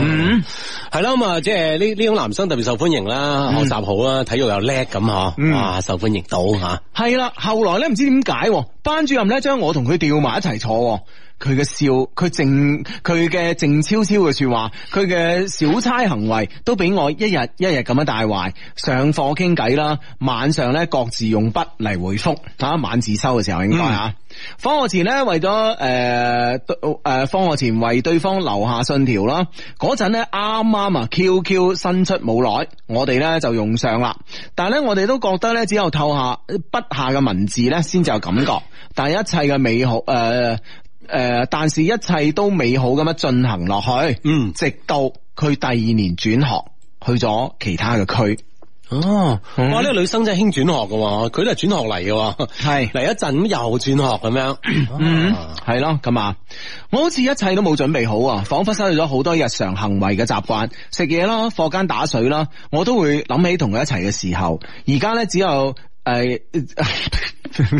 S1: 係、嗯、咯，咁啊，即係呢呢種男生特別受歡迎啦，學習好啦，體育又叻咁嗬，啊，受歡迎到吓，係、嗯、啦，後來咧唔知點解，班主任咧將我同佢調埋一齊坐。佢嘅笑，佢靜，佢嘅靜悄悄嘅說話，佢嘅小差行為，都俾我一日一日咁樣帶壞。上課傾偈啦，晚上咧各自用筆嚟回覆吓晚自修嘅時候應該吓。放、嗯、學前咧為咗誒誒，放、呃、學前為對方留下信條啦。嗰陣咧啱啱啊，Q Q 新出冇耐，我哋咧就用上啦。但係咧我哋都覺得咧只有透下筆下嘅文字咧先至有感覺，但係一切嘅美好誒。呃誒、呃，但是一切都美好咁樣進行落去，嗯，直到佢第二年轉學去咗其他嘅區。哦、啊，哇，呢、嗯，這個女生真係興轉學㗎，佢都係轉學嚟嘅，係嚟一陣又轉學咁樣，係咯，咁啊、嗯！我好似一切都冇準備好啊，仿佛失去咗好多日常行為嘅習慣，食嘢啦，課間打水啦，我都會諗起同佢一齊嘅時候，而家咧只有。誒，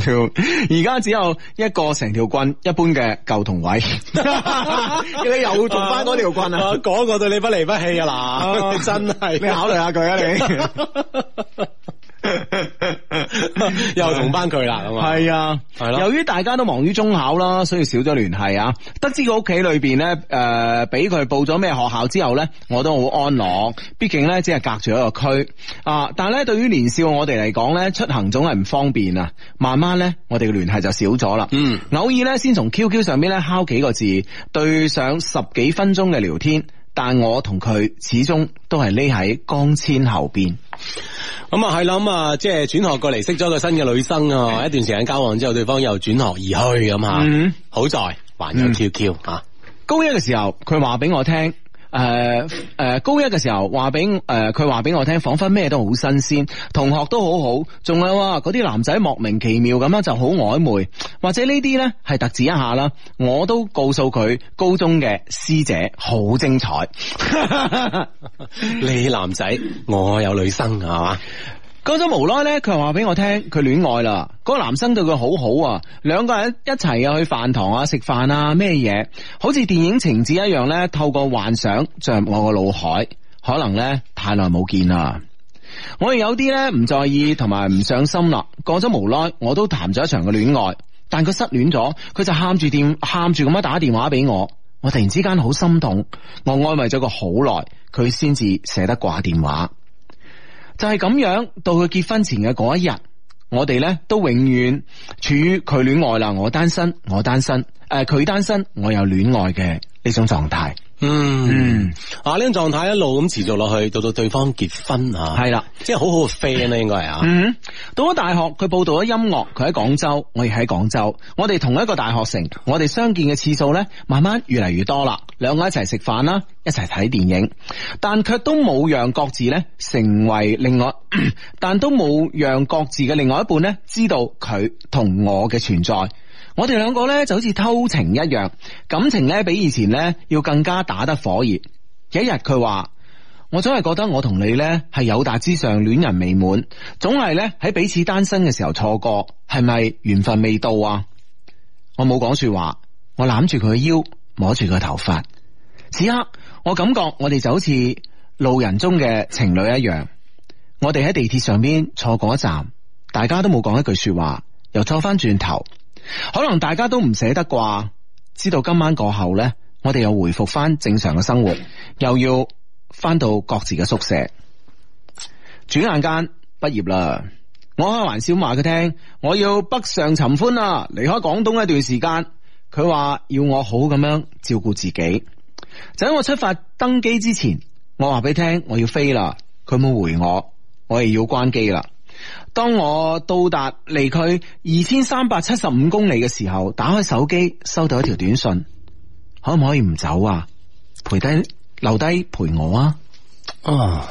S1: 條而家只有一個成條棍，一般嘅舊同位，
S2: [LAUGHS] 你又做翻嗰條
S1: 棍啊？嗰、uh, 個、uh, 對你不離不棄啊！嗱、uh,，真係，你考慮下佢啊你。 [LAUGHS]
S2: [LAUGHS] 又同
S1: 班佢啦，係啊，係咯。由於大家都忙於中考啦，所以少咗聯繫啊。得知佢屋企裏邊咧，誒、呃，俾佢報咗咩學校之後咧，我都好安樂。畢竟咧，只係隔住一個區啊。但係咧，對於年少我哋嚟講咧，出行總係唔方便啊。慢慢咧，我哋嘅聯繫就少咗啦。嗯，偶爾咧，先從 QQ 上邊咧敲幾個字，對上十幾分鐘嘅聊天。但我同佢始終都係匿喺光纖後邊，咁啊係啦，啊即係轉學過嚟識咗個新嘅女生啊，一段時間交往之後，對方又轉學而去咁吓，嗯、好在還有 Q Q 啊。高一嘅時候，佢話俾我聽。誒、呃、誒、呃，高一嘅時候話俾誒，佢話俾我聽，仿佛咩都好新鮮，同學都好好，仲有啊，嗰啲男仔莫名其妙咁樣就好曖昧，或者呢啲呢，係特指一下啦。我都告訴佢，高中嘅師姐好精彩， [LAUGHS] [LAUGHS] 你男仔我有女生係嘛。過咗無耐咧，佢又話俾我聽佢戀愛啦，嗰個男生對佢好好啊，兩個人一齊啊去飯堂啊食飯啊咩嘢，好似電影情節一樣咧。透過幻想，進入我個腦海，可能咧太耐冇見啦。我又有啲咧唔在意同埋唔上心啦。過咗無耐，我都談咗一場嘅戀愛，但佢失戀咗，佢就喊住電，喊住咁樣打電話俾我。我突然之間好心痛，我安慰咗佢好耐，佢先至捨得掛電話。就係、是、咁樣，到佢結婚前嘅嗰一日，我哋咧都永遠處於佢戀愛啦，我單身，我單身，誒、呃，佢單身，我有戀愛嘅呢種狀態。嗯，啊、嗯、呢種狀態一路咁持續落去，到到對方結婚啊，係啦，即係好好嘅 friend 咧，應該係啊。嗯，到咗大學，佢報讀咗音樂，佢喺廣州，我亦喺廣州，我哋同一個大學城，我哋相見嘅次數呢，慢慢越嚟越多啦。兩個一齊食飯啦，一齊睇電影，但卻都冇讓各自呢成為另外，但都冇讓各自嘅另外一半呢知道佢同我嘅存在。我哋兩個咧就好似偷情一樣，感情咧比以前咧要更加打得火熱。有一日佢話：我總係覺得我同你咧係友達之上戀人未滿，總係咧喺彼此單身嘅時候錯過，係咪緣分未到啊？我冇講說話，我攬住佢嘅腰，摸住佢頭髮，此刻我感覺我哋就好似路人中嘅情侶一樣。我哋喺地鐵上面坐過一站，大家都冇講一句說話，又坐翻轉頭。可能大家都唔捨得啩，知道今晚過後呢，我哋又回復翻正常嘅生活，又要翻到各自嘅宿舍。轉眼間畢業啦，我開玩笑話佢聽，我要北上尋歡啦，離開廣東一段時間。佢話要我好咁樣照顧自己。就喺我出發登機之前，我話俾佢聽我要飛啦，佢冇回我，我又要關機啦。當我到達離佢二千三百七十五公里嘅時候，打開手機，收到一條短信，可唔可以唔走啊？陪低留低陪我啊！啊，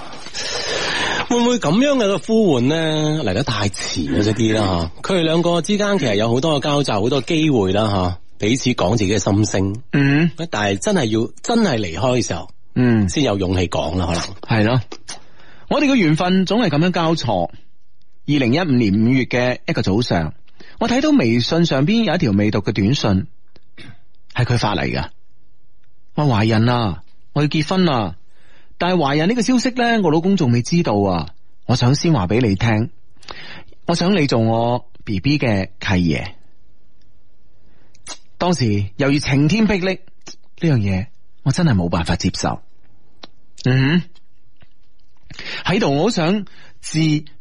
S1: 會唔會咁樣嘅呼喚呢？嚟得太遲咗啲啦，吓！佢哋兩個之間其實有好多嘅交集，好多機會啦，吓，彼此講自己嘅心聲。嗯但是，但係真係要真係離開嘅時候，嗯，先有勇氣講啦，可能係咯。我哋嘅緣分總係咁樣交錯。二零一五年五月嘅一個早上，我睇到微信上邊有一條未讀嘅短信，係佢發嚟噶。我懷孕啦，我要結婚啦，但係懷孕呢個消息咧，我老公仲未知道啊。我想先話俾你聽，我想你做我 B B 嘅契爺。當時猶如晴天霹靂呢樣嘢，我真係冇辦法接受。嗯哼，喺度我好想自。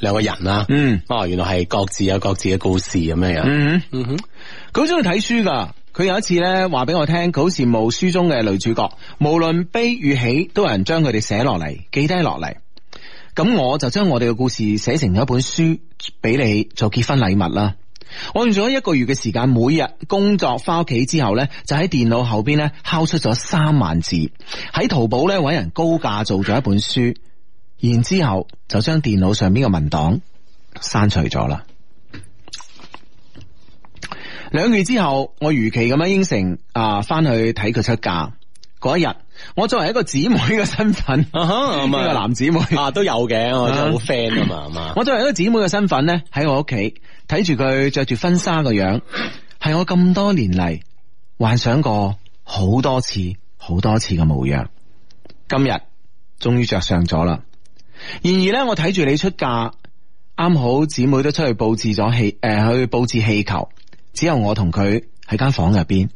S1: 兩個人啦、啊，嗯，哦，原來係各自有各自嘅故事咁樣樣，嗯哼嗯
S2: 哼，
S1: 佢好中意睇書噶，佢有一次呢話俾我聽，佢好羨慕書中嘅女主角，無論悲與喜，都有人將佢哋寫落嚟，記低落嚟。咁我就將我哋嘅故事寫成咗一本書，俾你做結婚禮物啦。我用咗一個月嘅時間，每日工作翻屋企之後呢，就喺電腦後邊呢敲出咗三萬字，喺淘寶呢揾人高價做咗一本書。然之後就將電腦上邊嘅文檔刪除咗啦。兩月之後，我如期咁樣應承啊，翻去睇佢出嫁嗰一日，我作為一個姊妹嘅身份，呢、啊呢個男姊妹啊都有嘅，我好 friend 啊嘛、啊，我作為一個姊妹嘅身份咧，喺我屋企睇住佢着住婚紗嘅樣，係我咁多年嚟幻想過好多次、好多次嘅模樣，今日終於着上咗啦。然而咧，我睇住你出嫁，啱好姊妹都出去布置咗氣誒、呃，去布置氣球，只有我同佢喺間房入邊，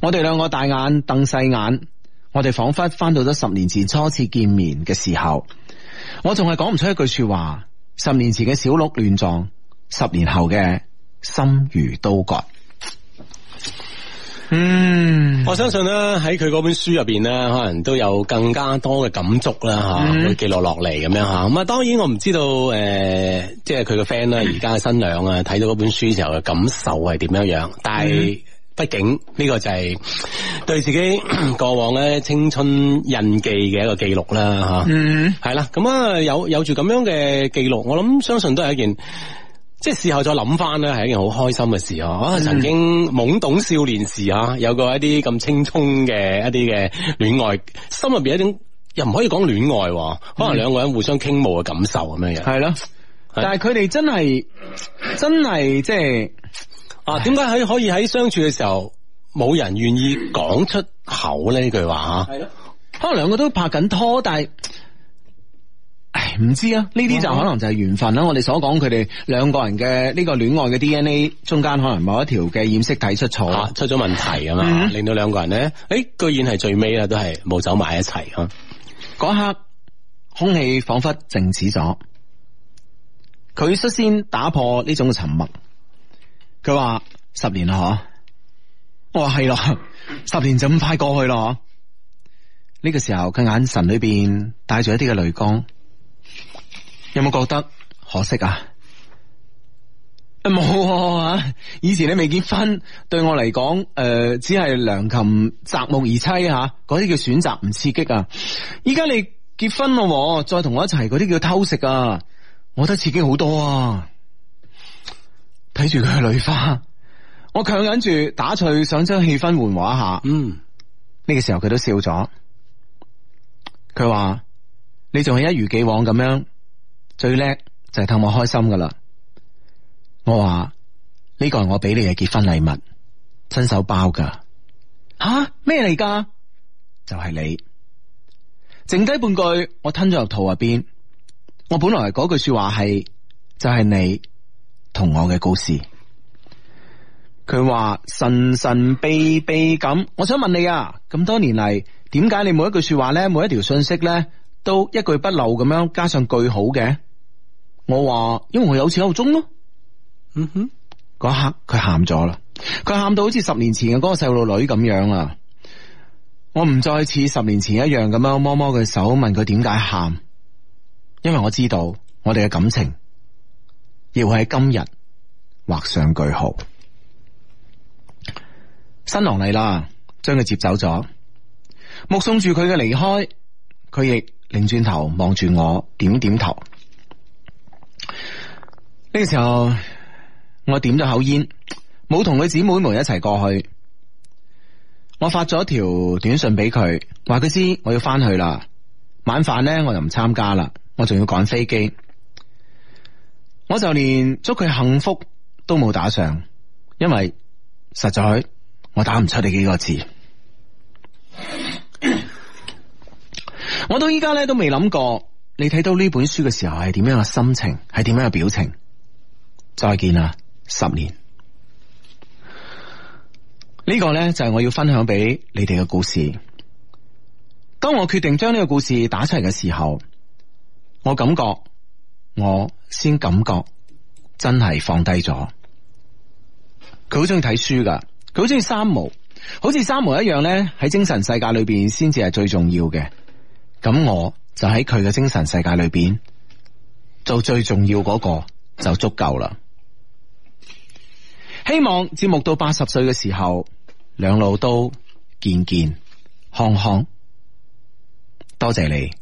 S1: 我哋兩個大眼瞪細眼，我哋仿佛翻到咗十年前初次見面嘅時候，我仲係講唔出一句說話。十年前嘅小鹿亂撞，十年後嘅心如刀割。嗯，我相信咧喺佢嗰本書入邊咧，可能都有更加多嘅感觸啦吓，會記錄落嚟，咁樣吓。咁、嗯、啊，當然我唔知道誒，即係佢嘅 friend 咧，而家嘅新娘啊睇到嗰本書嘅時候嘅感受係點樣樣？嗯、但係畢竟呢個就係對自己過往咧青春印記嘅一個記錄啦吓。係、嗯、啦，咁啊有有住咁樣嘅記錄，我諗相信都係一件。即係事後再諗翻咧，係一件好開心嘅事可能、啊、曾經懵懂少年時啊，有過一啲咁青葱嘅一啲嘅戀愛，心入邊一種又唔可以講戀愛，可能兩個人互相傾慕嘅感受咁樣嘅。係、嗯、咯，但係佢哋真係 [LAUGHS] 真係即係啊！點解喺可以喺相處嘅時候，冇人願意講出口咧呢句話？係咯， [LAUGHS] 可能兩個都拍緊拖，但係。唉，唔知啊，呢啲就可能就係緣分啦、嗯。我哋所講佢哋兩個人嘅呢個戀愛嘅 DNA 中間可能某一條嘅染色體出錯、啊，出咗問題㗎嘛、嗯，令到兩個人咧，誒、欸，居然係最尾啦都係冇走埋一齊。嗰、嗯、刻空氣仿佛靜止咗，佢率先打破呢種沉默。佢話：十年啦，嗬、啊。我話係咯，十年就咁快過去咯，呢個時候佢眼神裏邊帶住一啲嘅淚光。有冇覺得可惜啊？冇啊，啊！以前你未結婚，對我嚟講，誒、呃，只係良禽擇木而棲吓，嗰、啊、啲叫選擇，唔刺激啊！依家你結婚咯，再同我一齊，嗰啲叫偷食啊！我覺得刺激好多啊！睇住佢嘅女花，我強忍住打趣，想將氣氛緩和一下。嗯、呢，這個時候佢都笑咗，佢話你仲係一如既往咁樣。最叻就係氹我開心噶啦！我話呢個係我俾你嘅結婚禮物，親手包噶。吓？咩嚟噶？就係你。剩低半句我吞咗入肚入邊。我本來嗰句說話，係就係你同我嘅故事。佢話神神秘秘咁，我想問你啊，咁多年嚟，點解你每一句說話咧，每一條信息咧？都一句不漏咁樣加上句號嘅，我話因為我有始有鐘咯，有始有終，嗯哼，嗰刻佢喊咗啦，佢喊到好似十年前嘅嗰個細路女咁樣啦，我唔再似十年前一樣咁樣摸摸佢手，問佢點解喊，因為我知道我哋嘅感情，要喺今日畫上句號。新郎嚟啦，將佢接走咗，目送住佢嘅離開，佢亦。擰轉，轉頭望住我，點點頭。呢、這個時候，我點咗口煙，冇同佢姊妹們一齊過去。我發咗條短信俾佢，話佢知我要翻去啦。晚飯咧，我就唔參加啦。我仲要趕飛機，我就連祝佢幸福都冇打上，因為實在我打唔出呢幾個字。 [COUGHS] 我到都依家咧都未諗過，你睇到呢本書嘅時候係點樣嘅心情，係點樣嘅表情。再見啦，十年。呢、呢個咧就係我要分享俾你哋嘅故事。當我決定將呢個故事打出嚟嘅時候，我感覺我先感覺真係放低咗。佢好中意睇書噶，佢好中意三毛，好似三毛一樣咧，喺精神世界裏邊先至係最重要嘅。咁我就喺佢嘅精神世界裏邊做最重要嗰個就足夠啦。希望節目到八十歲嘅時候，兩老都健健康康。多謝你。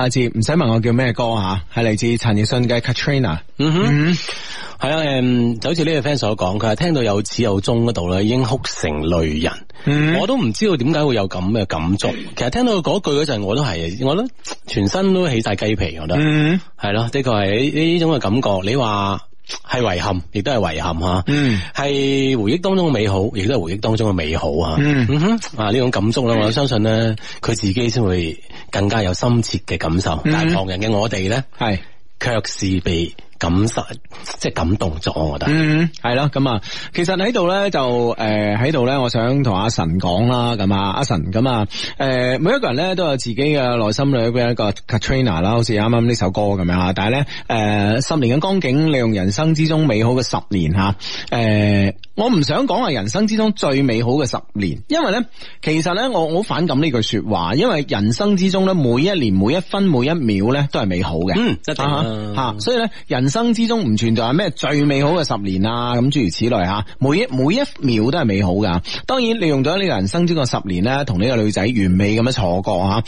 S1: 下次唔使問我叫咩歌吓，係嚟自陳奕迅嘅 Katrina。係、嗯、啊，嗯，就好似呢個 friend 所講，佢係聽到有始有終嗰度咧，已經哭成淚人、嗯。我都唔知道點解會有咁嘅感觸。其實聽到嗰句嗰陣，我都係，我覺得全身都起晒雞皮，我覺得。
S2: 嗯，
S1: 係咯，的確係呢呢種嘅感覺。你話？係遺憾，亦都係遺憾吓。嗯，係回憶當中嘅美好，亦都係回憶當中嘅美好吓。嗯嗯哼，啊呢種感觸咧、嗯，我相信咧，佢自己先會更加有深切嘅感受。嗯、但係旁人嘅我哋咧，係、嗯、卻是被。感受即係感動咗，我覺得。嗯，係咯，咁啊，其實喺度咧就，誒，喺度咧，我想同阿神講啦，咁啊阿神，咁啊誒，每一個人咧都有自己嘅內心裏邊一個 Katrina 啦，好似啱啱呢首歌咁樣吓。但係咧誒，十年嘅光景，利用人生之中美好嘅十年吓。誒、呃，我唔想講係人生之中最美好嘅十年，因為咧，其實咧我好反感呢句說話，因為人生之中咧每一年每一分每一秒咧都係美好嘅。嗯，即係一定吓，所以咧人。人生之中唔存在咩最美好嘅十年啊，咁諸如此類吓，每一每一秒都係美好噶當然利用咗呢個人生之個十年咧，同呢個女仔完美咁樣錯過吓。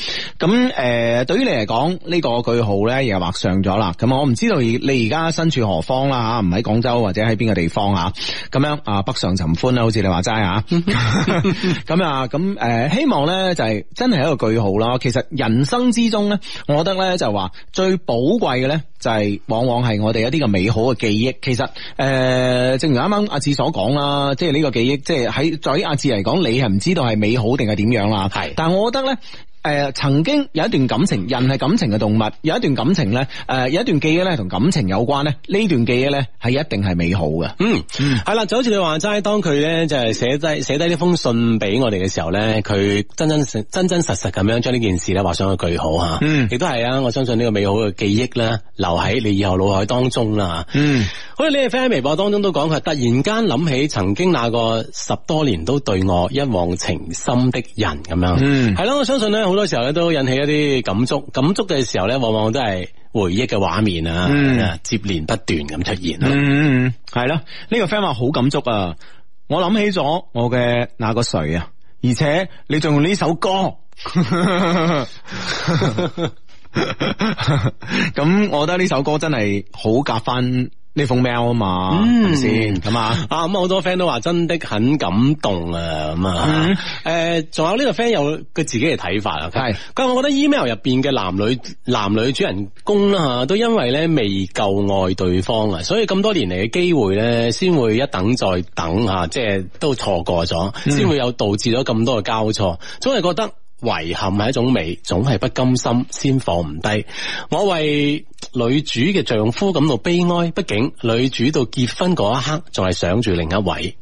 S1: 咁誒、呃，對於你嚟講呢個句號咧，又係畫上咗啦。咁我唔知道你而家身處何方啦吓，唔喺廣州或者喺邊個地方啊？咁樣啊，北上尋歡啦，好似你話齋吓。咁 [LAUGHS] 啊， [LAUGHS] 咁、呃、誒，希望咧就係、是、真係一個句號啦。其實人生之中咧，我覺得咧就話最寶貴嘅咧，就係、就是、往往係我。我哋有啲個美好嘅記憶，其實誒、呃，正如啱啱阿志所講啦，即係呢個記憶，即係喺，對於阿志嚟講，你係唔知道係美好定係點樣啦。係，但係我覺得咧。誒、呃，曾經有一段感情，人係感情嘅動物，有一段感情咧，誒、呃，有一段記憶咧，同感情有關咧，呢段記憶咧係一定係美好嘅。嗯，係、嗯、啦，就好似你話齋，當佢咧就係寫低寫低呢封信俾我哋嘅時候咧，佢真真實真真實實咁樣將呢件事咧畫上個句號吓。亦、嗯、都係啊，我相信呢個美好嘅記憶咧，留喺你以後腦海當中啦。嗯，好似你嘅 friend 喺微博當中都講，佢突然間諗起曾經那個十多年都對我一往情深的人咁、嗯、樣。嗯，係啦，我相信咧。好多時候咧都引起一啲感觸，感觸嘅時候咧，往往都係回憶嘅畫面啊、嗯，接連不斷咁出現。嗯，係咯，呢、這個 friend 話好感觸啊，我諗起咗我嘅那個誰啊，而且你仲用呢首歌，咁 [LAUGHS] [LAUGHS] [LAUGHS] [LAUGHS] [LAUGHS] [LAUGHS] [LAUGHS] [LAUGHS] 我覺得呢首歌真係好夾翻呢封 mail 啊嘛，咪、嗯、先？咁啊咁啊，好、嗯嗯嗯、多 friend 都話真的很感動啊，咁、嗯、啊，誒、嗯，仲有呢個 friend 有佢自己嘅睇法啊，係，佢話我覺得 email 入邊嘅男女男女主人公啦吓，都因為咧未夠愛對方啊，所以咁多年嚟嘅機會咧，先會一等再等啊，即係都錯過咗，先、嗯、會有導致咗咁多嘅交錯，總係覺得遺憾係一種美，總係不甘心先放唔低，我為。女主嘅丈夫感到悲哀，畢竟女主到結婚嗰一刻仲係想住另一位。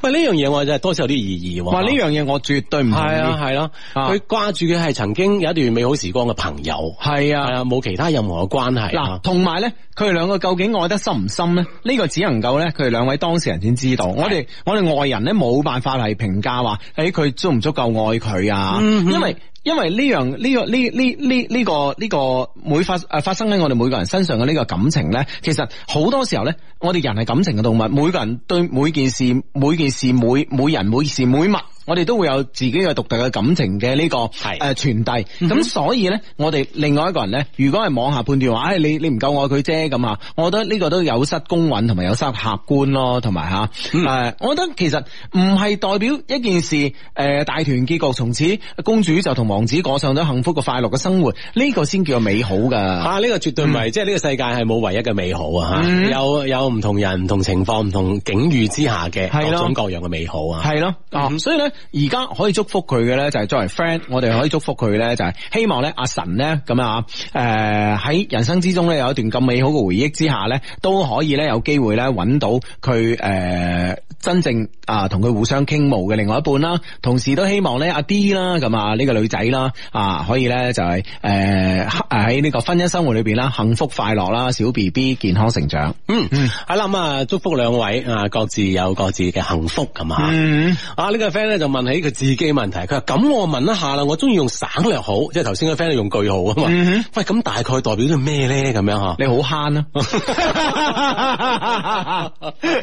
S1: 喂，呢樣嘢我真係多少有啲異議。話呢樣嘢我絕對唔係啊，係咯、啊，佢掛住嘅係曾經有一段美好時光嘅朋友。係啊，係啊，冇其他任何嘅關係。嗱、啊，同埋咧，佢哋兩個究竟愛得深唔深咧？呢、呢個只能夠咧，佢哋兩位當事人先知道。我哋我哋外人咧，冇辦法係評價話，誒，佢、哎、足唔足夠愛佢啊、嗯？因為。因為呢樣呢個呢呢呢呢個呢、呢個、呢個呢個、每發誒、啊、發生喺我哋每個人身上嘅呢個感情咧，其實好多時候咧，我哋人係感情嘅動物，每個人對每件事、每件事每每人每件事、每物。我哋都會有自己嘅獨特嘅感情嘅呢、這個係誒傳遞，咁、呃嗯、所以咧，我哋另外一個人咧，如果係妄下判斷話，唉、哎，你你唔夠愛佢啫咁啊，我覺得呢個都有失公允同埋有失客觀咯，同埋嚇誒，我覺得其實唔係代表一件事誒、呃，大團結局從此公主就同王子過上咗幸福嘅快樂嘅生活，呢、這個先叫美好噶嚇，呢、啊這個絕對唔係、嗯、即係呢個世界係冇唯一嘅美好、嗯、啊嚇，有有唔同人唔同情況唔同境遇之下嘅、嗯、各種各樣嘅美好啊，係、嗯、咯，所以咧。而家可以祝福佢嘅咧，就係作為 friend，我哋可以祝福佢咧，就係希望咧阿神咧咁啊，誒喺人生之中咧有一段咁美好嘅回憶之下咧，都可以咧有機會咧揾到佢誒真正啊同佢互相傾慕嘅另外一半啦。同時都希望咧阿 D 啦咁啊呢個女仔啦啊可以咧就係誒喺呢個婚姻生活裏邊啦幸福快樂啦，小 B B 健康成長。嗯，係啦咁啊祝福兩位啊各自有各自嘅幸福咁啊。嗯，啊呢個 friend 咧就。問起佢自己問題，佢話，咁我問一下啦，我中意用省略號，即係頭先個 friend 用句號啊嘛、嗯。喂，咁大概代表咗咩咧？咁樣嗬，你好慳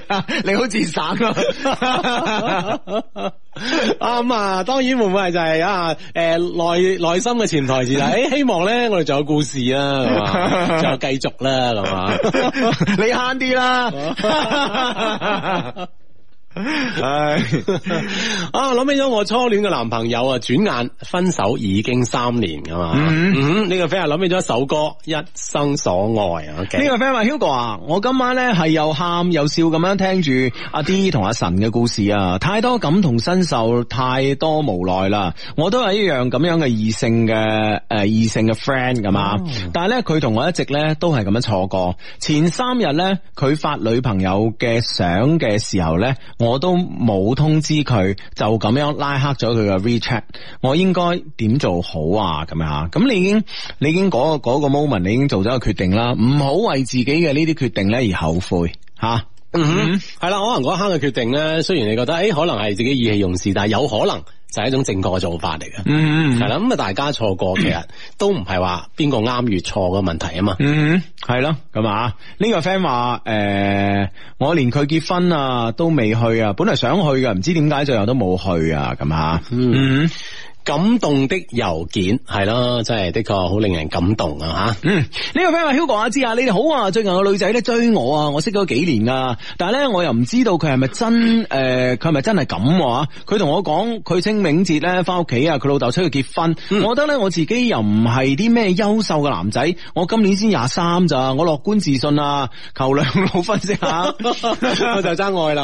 S1: 啊！
S2: 你好自省啊！啱 [LAUGHS] [LAUGHS] 啊、， [LAUGHS] [LAUGHS] 嗯、啊，當
S1: 然唔會就係、是、啊，誒內內心嘅潛台詞就誒希望咧，我哋仲有故事啊，仲 [LAUGHS] 有繼續 [LAUGHS] [LAUGHS] 啦，咁啊，
S2: 你慳啲啦。
S1: 唉、 [LAUGHS] 啊，啊諗起咗我初戀嘅男朋友啊，轉眼分手已經三年噶嘛。嗯，呢、嗯呢個 friend 啊諗起咗一首歌《一生所愛》啊。呢、okay? 個 friend 話：Hugo 啊，我今晚咧係又喊又笑咁樣聽住阿 D 同阿神嘅故事啊，太多感同身受，太多無奈啦。我都係一樣咁樣嘅異性嘅誒異性嘅 friend 噶嘛。但係咧佢同我一直咧都係咁樣錯過。前三日咧佢發女朋友嘅相嘅時候咧，我都冇通知佢，就咁樣拉黑咗佢嘅 WeChat，我應該點做好啊？咁樣吓，咁你已經，你已經嗰個嗰個 moment，你已經做咗個決定啦，唔好為自己嘅呢啲決定咧而後悔吓、啊。嗯，係啦，可能嗰一刻嘅決定咧，雖然你覺得，誒，可能係自己意氣用事，但係有可能。就係、是、一種正確嘅做法嚟嘅，係、嗯、啦。咁、嗯、啊，大家錯過、嗯、其實都唔係話邊個啱與錯嘅問題啊嘛。嗯，係、嗯、咯，咁啊。呢、個 friend 話，誒，我連佢結婚啊都未去啊，本來想去㗎，唔知點解最後都冇去啊，咁啊。嗯。嗯嗯嗯感動的郵件係咯，真係的確好令人感動啊吓。嗯，呢位 friend 阿 Hugo 阿志啊，你哋好啊。最近個女仔咧追我啊，我識咗幾年啊，但係咧我又唔知道佢係咪真誒，佢係咪真係咁話？佢同我講，佢清明節咧翻屋企啊，佢老豆出去結婚。嗯、我覺得咧我自己又唔係啲咩優秀嘅男仔，我今年先廿三咋， [LAUGHS] 我 [LAUGHS] 樂觀自信啊，求兩老分析下，我就爭愛啦，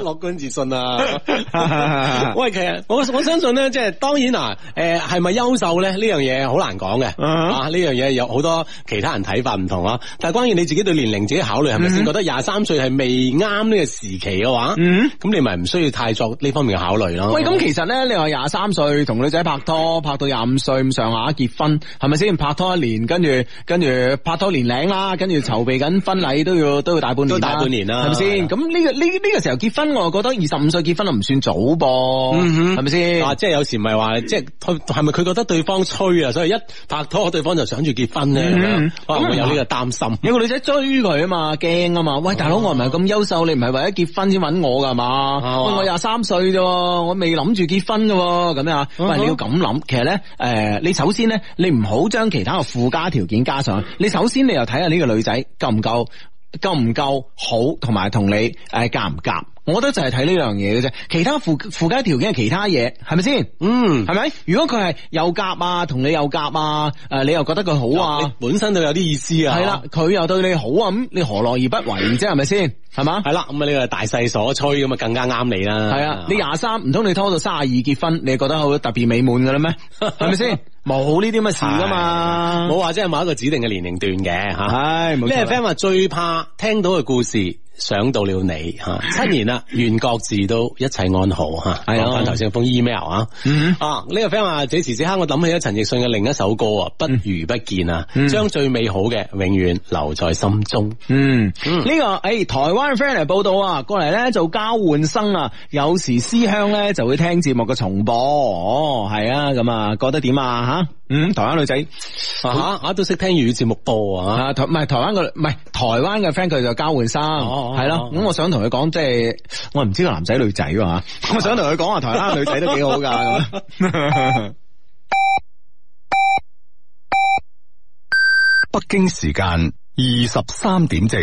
S1: 樂觀自信啊。喂，其實我我想。咁即係當然啊，誒，係咪優秀咧？呢樣嘢好難講嘅，啊，呢樣嘢有好多其他人睇法唔同咯。但係關於你自己對年齡自己考慮，係咪先覺得廿三歲係未啱呢個時期嘅話？咁、uh-huh. 你咪唔需要太做呢方面嘅考慮咯。喂，咁其實咧，你話廿三歲同女仔拍拖，拍到廿五歲咁上下結婚，係咪先？拍拖一年，跟住跟住拍拖年零啦，跟住籌備緊婚禮都要都要大半年，大半年啦，係咪先？咁呢、呢個呢呢、呢個時候結婚，我又覺得二十五歲結婚啊，唔算早噃，係咪先？即係有時唔係話，即係佢係咪佢覺得對方催啊，所以一拍拖，對方就想住結婚咧，咁、嗯、我有呢個擔心、嗯。有個女仔追佢啊嘛，驚啊嘛。喂，大佬、哦，我唔係咁優秀，你唔係為咗結婚先搵我噶係嘛？哦啊哎、我廿三歲咋，我未諗住結婚喎。咁、哦、啊，喂，你要咁諗。其實咧，誒、呃，你首先咧，你唔好將其他嘅附加條件加上。你首先你又睇下呢個女仔夠唔夠，夠唔夠好，同埋同你誒夾唔夾？呃合我覺得就係睇呢樣嘢嘅啫，其他附附加條件係其他嘢，係咪先？嗯，係咪？如果佢係有夾啊，同你有夾啊，誒，你又覺得佢好啊？呃、本身都有啲意思啊。係啦，佢又對你好啊，咁你何樂而不為啫？係咪先？係嘛？係 [COUGHS] 啦，咁啊呢個大勢所趨，咁啊更加啱你啦。係啊，你廿三唔通你拖到卅二結婚，你覺得好特別美滿噶啦咩？係咪先？冇呢啲乜事噶嘛，啊，冇話即係某一個指定嘅年齡段嘅吓。係、啊，呢、啊、個 friend 話最怕聽到嘅故事，想到了你吓、啊。七年啦，願 [COUGHS] 各自都一切安好吓。係啊，翻頭先封 email 啊。嗯，啊呢、呢個 friend 話，此時此刻我諗起咗陳奕迅嘅另一首歌啊、嗯，不如不見啊，將、嗯、最美好嘅永遠留在心中。嗯，呢、嗯呢個誒、哎、台灣 friend 嚟報道啊，過嚟咧做交換生啊，有時思鄉咧就會聽節目嘅重播。哦，係啊，咁啊，覺得點啊？嗯，台灣女仔吓，我、啊啊、都識聽粵語節目播啊。台唔係台灣嘅，唔係台灣嘅 friend，佢就交換生係咯。咁、啊、我想同佢講，即係我唔知道個男仔女仔噶吓。我想同佢講話，台灣女仔都幾好噶。啊啊啊、
S2: [LAUGHS] 北京時間二十三點正。